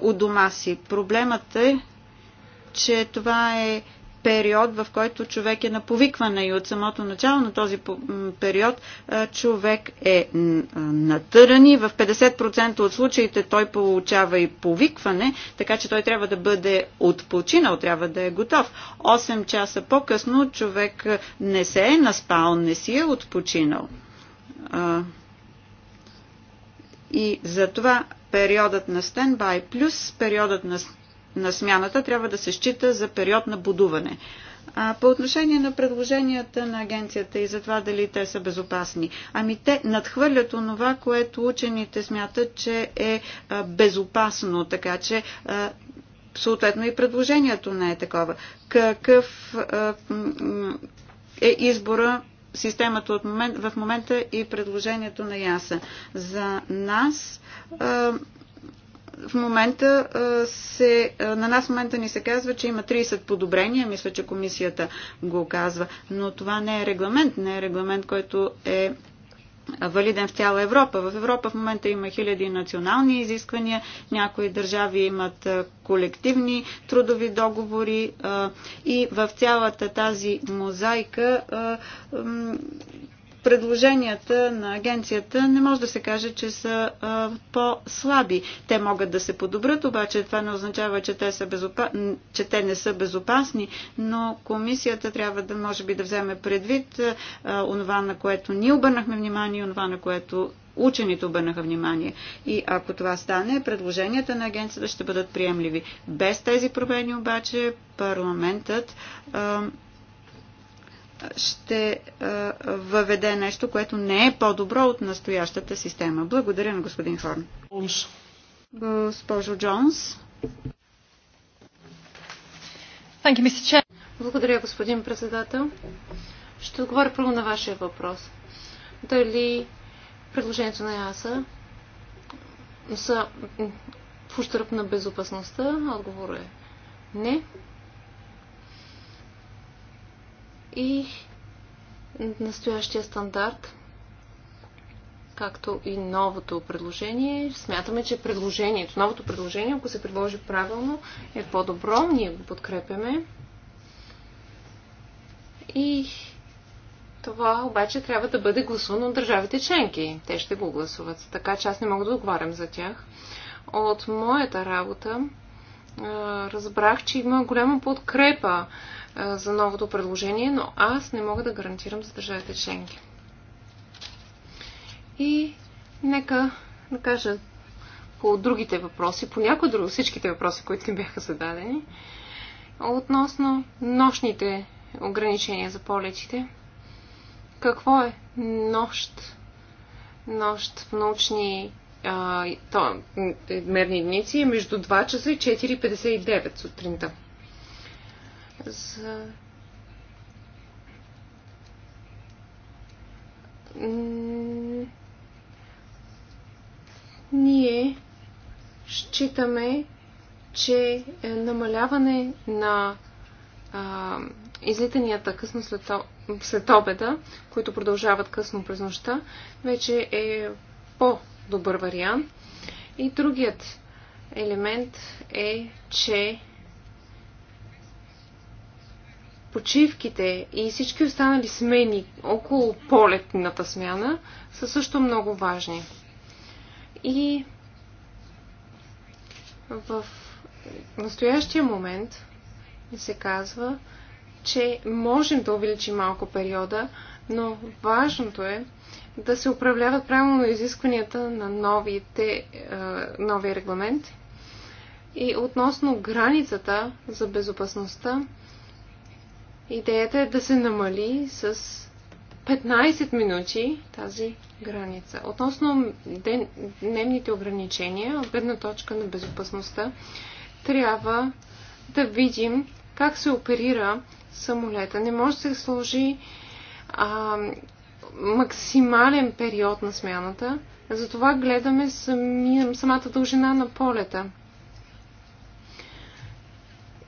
у дома си. Проблемът е, че това е период, в който човек е на повикване и от самото начало на този период човек е натъран и в 50% от случаите той получава и повикване, така че той трябва да бъде отпочинал, трябва да е готов. 8 часа по-късно човек не се е наспал, не си е отпочинал. И затова периодът на стендбай плюс периодът на на смяната трябва да се счита за период на будуване. А, по отношение на предложенията на агенцията и за това дали те са безопасни, ами те надхвърлят онова, което учените смятат, че е безопасно, така че съответно и предложението не е такова. Какъв е избора системата от момент, в момента и предложението на ЯСА. За нас в момента се, на нас в момента ни се казва, че има 30 подобрения, мисля, че комисията го казва, но това не е регламент, не е регламент, който е валиден в цяла Европа. В Европа в момента има хиляди национални изисквания, някои държави имат колективни трудови договори и в цялата тази мозайка предложенията на агенцията не може да се каже, че са по-слаби. Те могат да се подобрят, обаче това не означава, че те, са безопа... че те не са безопасни, но комисията трябва да може би да вземе предвид а, онова, на което ние обърнахме внимание и онова, на което учените обърнаха внимание. И ако това стане, предложенията на агенцията ще бъдат приемливи. Без тези промени обаче парламентът а, ще е, въведе нещо, което не е по-добро от настоящата система. Благодаря на господин Хорн. Госпожо Джонс. Благодаря, господин председател. Ще отговоря първо на вашия въпрос. Дали предложението на ЯСА са в ущърп на безопасността? Отговорът е не и настоящия стандарт, както и новото предложение. Смятаме, че предложението, новото предложение, ако се предложи правилно, е по-добро. Ние го подкрепяме. И това обаче трябва да бъде гласувано от държавите членки. Те ще го гласуват. Така че аз не мога да отговарям за тях. От моята работа разбрах, че има голяма подкрепа за новото предложение, но аз не мога да гарантирам за държавите членки. И нека да кажа по другите въпроси, по някои други, всичките въпроси, които ми бяха зададени, относно нощните ограничения за полетите. Какво е нощ? Нощ в научни а, то, е, мерни единици е между 2 часа и 4.59 сутринта за ние считаме, че е, намаляване на а, излитанията късно след, след обеда, които продължават късно през нощта, вече е по-добър вариант. И другият елемент е, че почивките и всички останали смени около полетната смяна са също много важни. И в настоящия момент се казва, че можем да увеличим малко периода, но важното е да се управляват правилно изискванията на новите, е, новия регламент. И относно границата за безопасността, Идеята е да се намали с 15 минути тази граница. Относно дневните ограничения, от гледна точка на безопасността, трябва да видим как се оперира самолета. Не може да се сложи а, максимален период на смяната, затова гледаме самия, самата дължина на полета.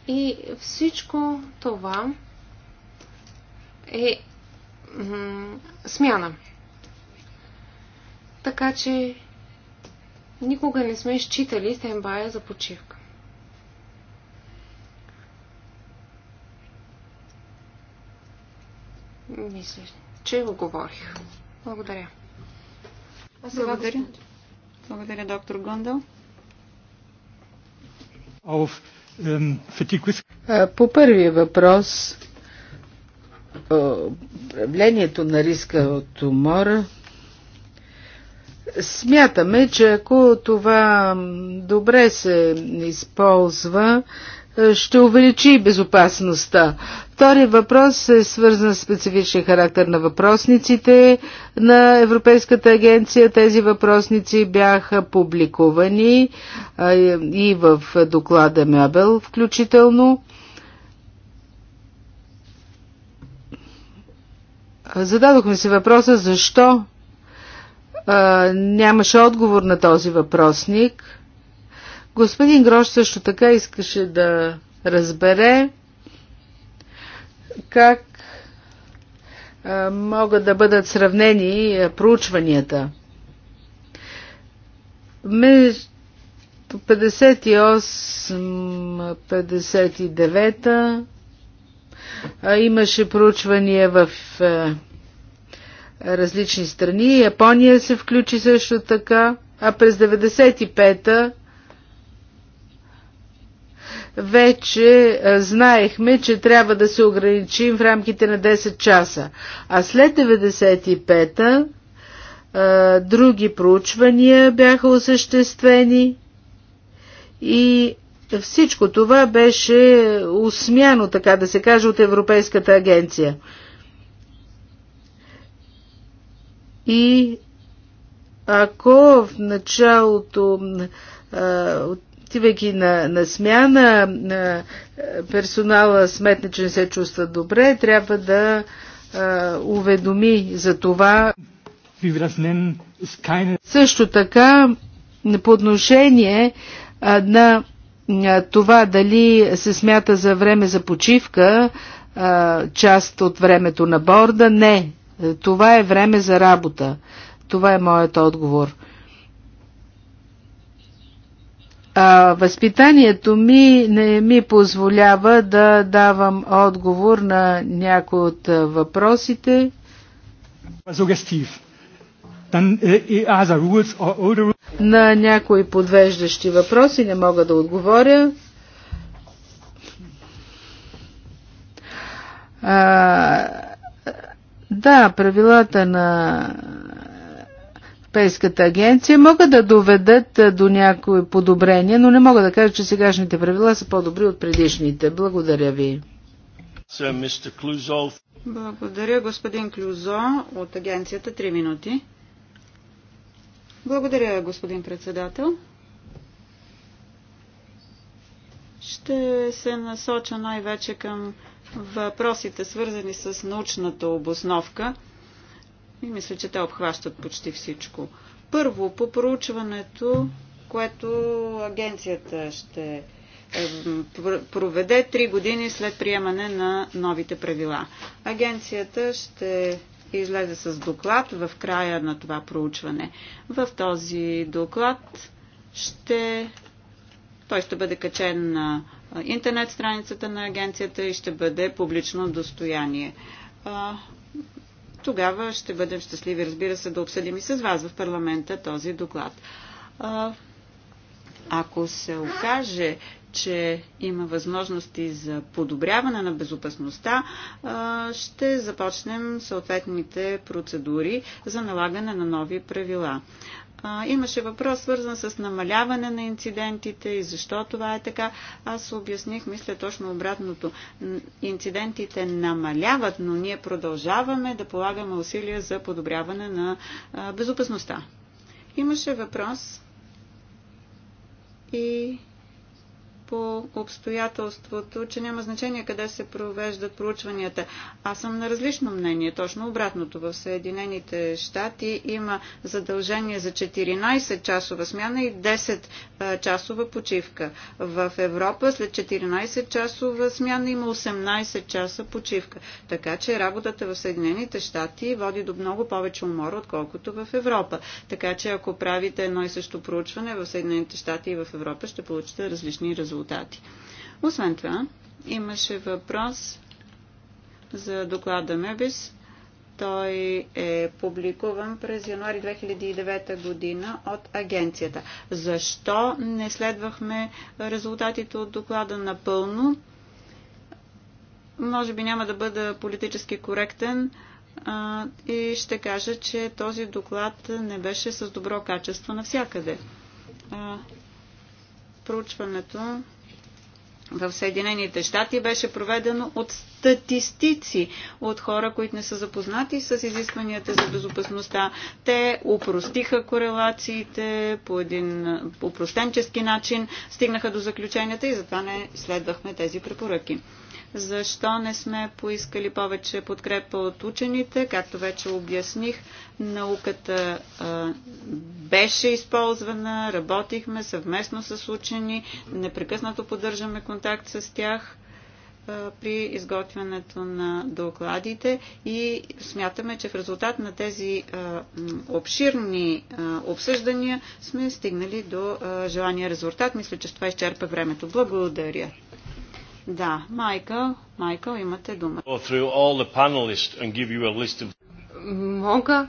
И всичко това е смяна. Така че никога не сме считали стенбая за почивка. Мисля, че отговорих. Благодаря. сега Благодаря. Благодаря, доктор Гондал. Ähm, По първия въпрос управлението на риска от умора, смятаме, че ако това добре се използва, ще увеличи безопасността. Втори въпрос е свързан с специфичен характер на въпросниците на Европейската агенция. Тези въпросници бяха публикувани и в доклада Мебел включително. Зададохме си въпроса защо а, нямаше отговор на този въпросник. Господин Грош също така искаше да разбере как а, могат да бъдат сравнени а, проучванията. Между 58-59 Имаше проучвания в различни страни. Япония се включи също така, а през 95-та вече знаехме, че трябва да се ограничим в рамките на 10 часа. А след 95-та други проучвания бяха осъществени и всичко това беше усмяно, така да се каже, от Европейската агенция. И ако в началото, отивайки на, на смяна, на персонала сметне, че не се чувства добре, трябва да а, уведоми за това. Също така, по отношение на е, това дали се смята за време за почивка е, част от времето на борда, не. Е, това е време за работа. Това е моят отговор. А, възпитанието ми не ми позволява да давам отговор на някои от въпросите. Сугестив. Uh, на някои подвеждащи въпроси не мога да отговоря. А, да, правилата на Европейската агенция могат да доведат до някои подобрения, но не мога да кажа, че сегашните правила са по-добри от предишните. Благодаря ви. Благодаря, господин Клюзо от агенцията. Три минути. Благодаря, господин председател. Ще се насоча най-вече към въпросите, свързани с научната обосновка. И мисля, че те обхващат почти всичко. Първо, по проучването, което агенцията ще е, проведе три години след приемане на новите правила. Агенцията ще ще излезе с доклад в края на това проучване. В този доклад ще... той ще бъде качен на интернет страницата на агенцията и ще бъде публично достояние. Тогава ще бъдем щастливи, разбира се, да обсъдим и с вас в парламента този доклад. Ако се окаже, че има възможности за подобряване на безопасността, ще започнем съответните процедури за налагане на нови правила. Имаше въпрос, свързан с намаляване на инцидентите и защо това е така. Аз обясних, мисля точно обратното. Инцидентите намаляват, но ние продължаваме да полагаме усилия за подобряване на безопасността. Имаше въпрос и по обстоятелството, че няма значение къде се провеждат проучванията. Аз съм на различно мнение, точно обратното. В Съединените щати има задължение за 14 часова смяна и 10 часова почивка. В Европа след 14 часова смяна има 18 часа почивка. Така че работата в Съединените щати води до много повече умор, отколкото в Европа. Така че ако правите едно и също проучване в Съединените щати и в Европа, ще получите различни резултати резултати. Освен това, имаше въпрос за доклада Мебис. Той е публикуван през януари 2009 година от агенцията. Защо не следвахме резултатите от доклада напълно? Може би няма да бъда политически коректен а, и ще кажа, че този доклад не беше с добро качество навсякъде. А, проучването в Съединените щати беше проведено от статистици, от хора, които не са запознати с изискванията за безопасността. Те упростиха корелациите по един упростенчески начин, стигнаха до заключенията и затова не следвахме тези препоръки. Защо не сме поискали повече подкрепа от учените? Както вече обясних, науката а, беше използвана, работихме съвместно с учени, непрекъснато поддържаме контакт с тях а, при изготвянето на докладите и смятаме, че в резултат на тези а, обширни а, обсъждания сме стигнали до желания резултат. Мисля, че това изчерпа времето. Благодаря. Да, Майкъл, Майкъл, имате дума. Мога,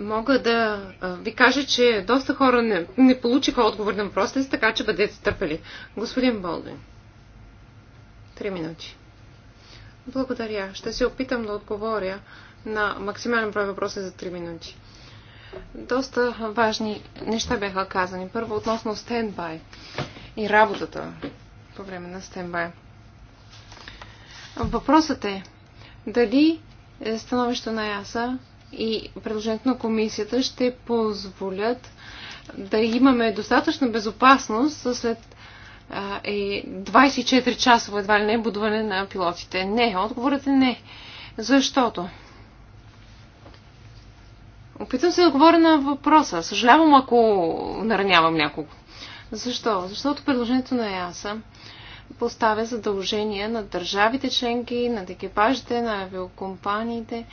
мога да ви кажа, че доста хора не, не получиха отговор на въпроса си, така че бъдете търпели. Господин Болдин, три минути. Благодаря. Ще се опитам да отговоря на максимален брой въпроси за три минути. Доста важни неща бяха казани. Първо относно стендбай и работата по време на стендбай. Въпросът е дали е становището на ЯСА и предложението на комисията ще позволят да имаме достатъчна безопасност след е 24 часово едва ли не будване на пилотите. Не, отговорът е не. Защото? Опитвам се да отговоря на въпроса. Съжалявам, ако наранявам някого. Защо? Защото предложението на ЕАСА поставя задължения на държавите членки, на екипажите, на авиокомпаниите,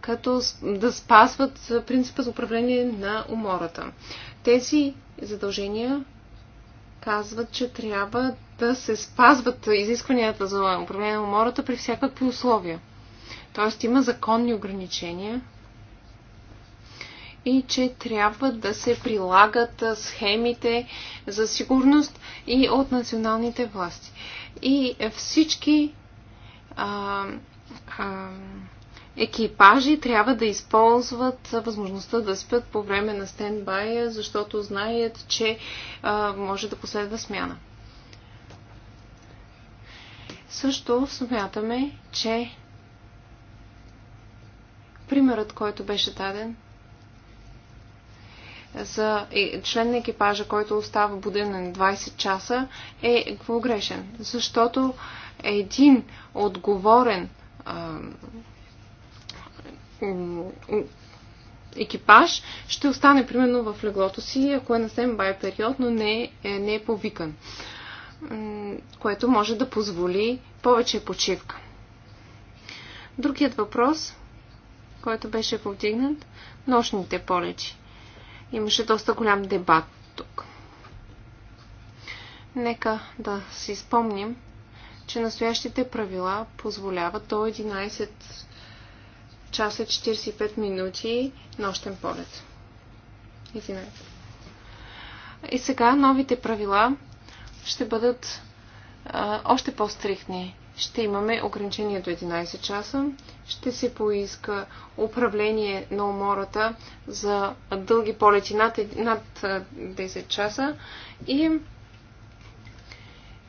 като да спазват принципа за управление на умората. Тези задължения казват, че трябва да се спазват изискванията за управление на умората при всякакви условия. Тоест има законни ограничения и че трябва да се прилагат схемите за сигурност и от националните власти. И всички а, а, екипажи трябва да използват възможността да спят по време на стендбая, защото знаят, че а, може да последва смяна. Също смятаме, че примерът, който беше даден за член на екипажа, който остава буден на 20 часа, е погрешен. Защото един отговорен екипаж ще остане примерно в леглото си, ако е на стендбай период, но не е, не е повикан, което може да позволи повече почивка. Другият въпрос, който беше повдигнат, нощните полети. Имаше доста голям дебат тук. Нека да си спомним, че настоящите правила позволяват до 11 часа 45 минути нощен полет. Извинете. И сега новите правила ще бъдат а, още по-стрихни ще имаме ограничение до 11 часа. Ще се поиска управление на умората за дълги полети над, над 10 часа и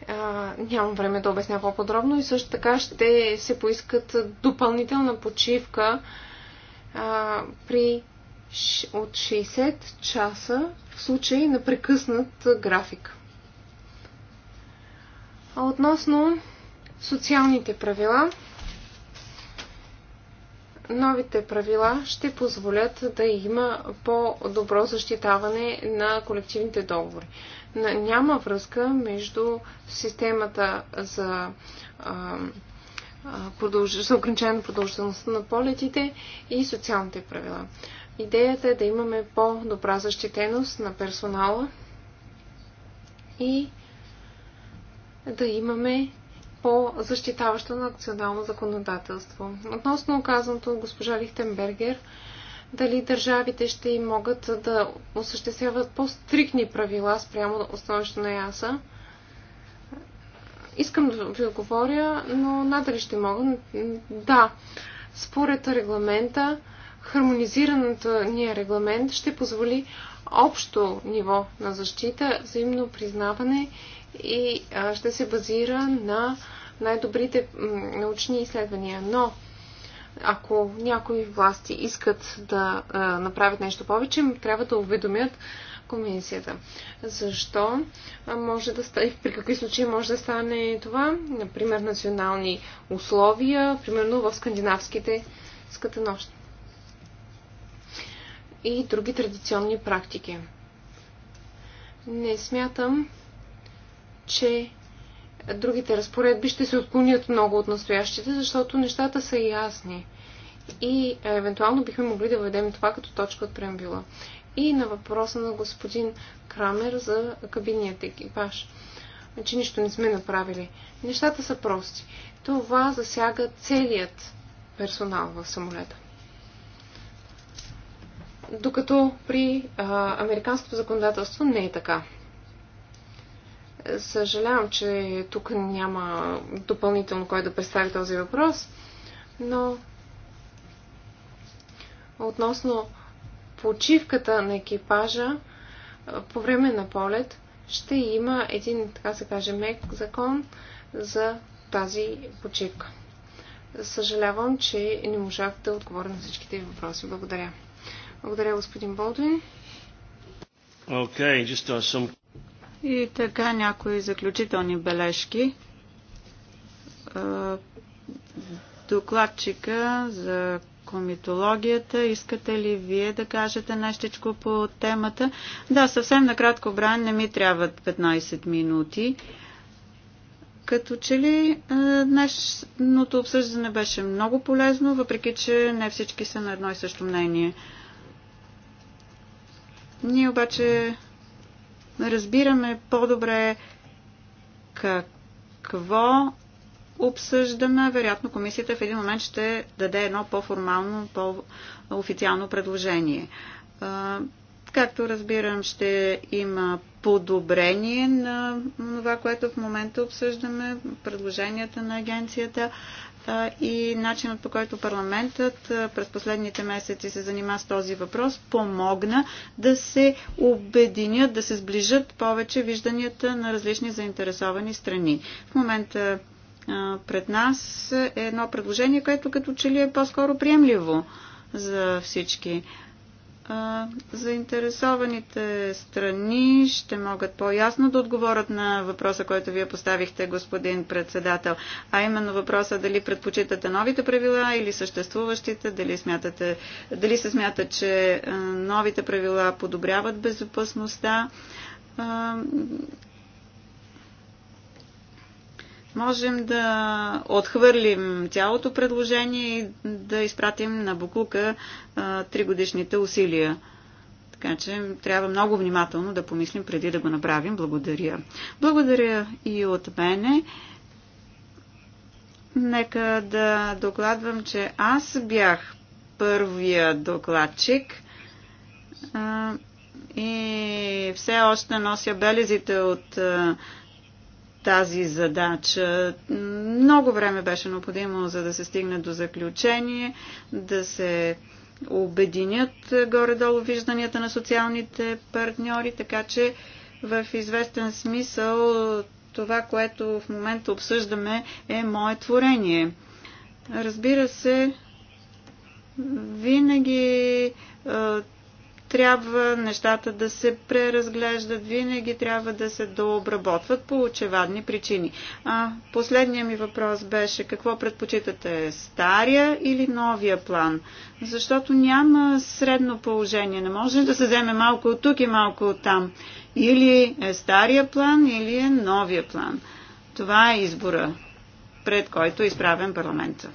а, нямам време да обясня по-подробно и също така ще се поискат допълнителна почивка а, при от 60 часа в случай на прекъснат график. А относно социалните правила, новите правила ще позволят да има по-добро защитаване на колективните договори. Няма връзка между системата за, за ограничаване на продължителността на полетите и социалните правила. Идеята е да имаме по-добра защитеност на персонала и да имаме по защитаващо на национално законодателство. Относно оказаното от госпожа Лихтенбергер, дали държавите ще и могат да осъществяват по-стрикни правила спрямо установището на ЯСА. Искам да ви отговоря, но надали ще мога. Да, според регламента, хармонизираната ния регламент ще позволи общо ниво на защита, взаимно признаване и ще се базира на най-добрите научни изследвания. Но ако някои власти искат да направят нещо повече, трябва да уведомят комисията. Защо може да стане, при какви случаи може да стане това? Например, национални условия, примерно в скандинавските ската нощ и други традиционни практики. Не смятам, че другите разпоредби ще се отклонят много от настоящите, защото нещата са ясни. И е, евентуално бихме могли да въведем това като точка от преамбюла. И на въпроса на господин Крамер за кабинният екипаж. Че значи, нищо не сме направили. Нещата са прости. Това засяга целият персонал в самолета. Докато при а, американското законодателство не е така. Съжалявам, че тук няма допълнително кой да представи този въпрос, но относно почивката на екипажа по време на полет ще има един, така се каже, мек закон за тази почивка. Съжалявам, че не можах да отговоря на всичките ви въпроси. Благодаря. Благодаря, господин Болдуин. Okay, just uh, some и така някои заключителни бележки. Докладчика за комитологията. Искате ли вие да кажете нещичко по темата? Да, съвсем накратко, Бран, не ми трябват 15 минути. Като че ли днешното обсъждане беше много полезно, въпреки че не всички са на едно и също мнение. Ние обаче разбираме по-добре какво обсъждаме. Вероятно комисията в един момент ще даде едно по-формално, по-официално предложение. Както разбирам, ще има подобрение на това, което в момента обсъждаме, предложенията на агенцията и начинът по който парламентът през последните месеци се занима с този въпрос помогна да се обединят, да се сближат повече вижданията на различни заинтересовани страни. В момента пред нас е едно предложение, което като че ли е по-скоро приемливо за всички заинтересованите страни ще могат по-ясно да отговорят на въпроса, който вие поставихте, господин председател, а именно въпроса дали предпочитате новите правила или съществуващите, дали, смятате, дали се смята, че новите правила подобряват безопасността можем да отхвърлим цялото предложение и да изпратим на Букука тригодишните усилия. Така че трябва много внимателно да помислим преди да го направим. Благодаря. Благодаря и от мене. Нека да докладвам, че аз бях първия докладчик и все още нося белезите от а, тази задача. Много време беше необходимо, за да се стигне до заключение, да се обединят горе-долу вижданията на социалните партньори, така че в известен смисъл това, което в момента обсъждаме, е мое творение. Разбира се, винаги трябва нещата да се преразглеждат, винаги трябва да се дообработват по очевадни причини. А, последният ми въпрос беше какво предпочитате, стария или новия план? Защото няма средно положение, не може да се вземе малко от тук и малко от там. Или е стария план, или е новия план. Това е избора, пред който е изправен парламента.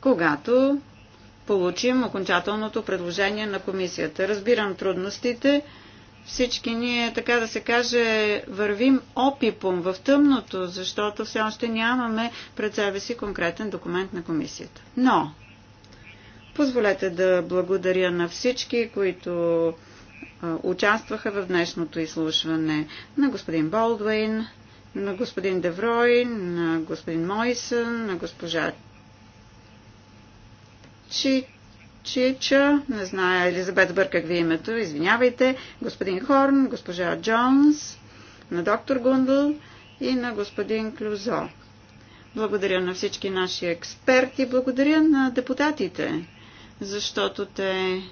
Когато получим окончателното предложение на комисията. Разбирам трудностите. Всички ние, така да се каже, вървим опипом в тъмното, защото все още нямаме пред себе си конкретен документ на комисията. Но, позволете да благодаря на всички, които участваха в днешното изслушване на господин Болдуин, на господин Деврой, на господин Мойсън, на госпожа Чи, Чича, не знае Елизабет бърках ви името, извинявайте, господин Хорн, госпожа Джонс, на доктор Гундл и на господин Клюзо. Благодаря на всички наши експерти, благодаря на депутатите, защото те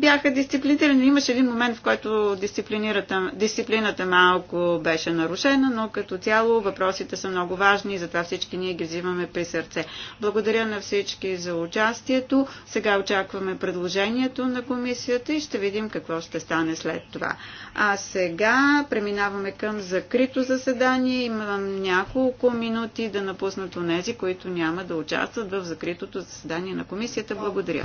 бяха дисциплинирани. Имаше един момент, в който дисциплината малко беше нарушена, но като цяло въпросите са много важни и затова всички ние ги взимаме при сърце. Благодаря на всички за участието. Сега очакваме предложението на комисията и ще видим какво ще стане след това. А сега преминаваме към закрито заседание. Имам няколко минути да напуснат онези, които няма да участват в закритото заседание на комисията. Благодаря.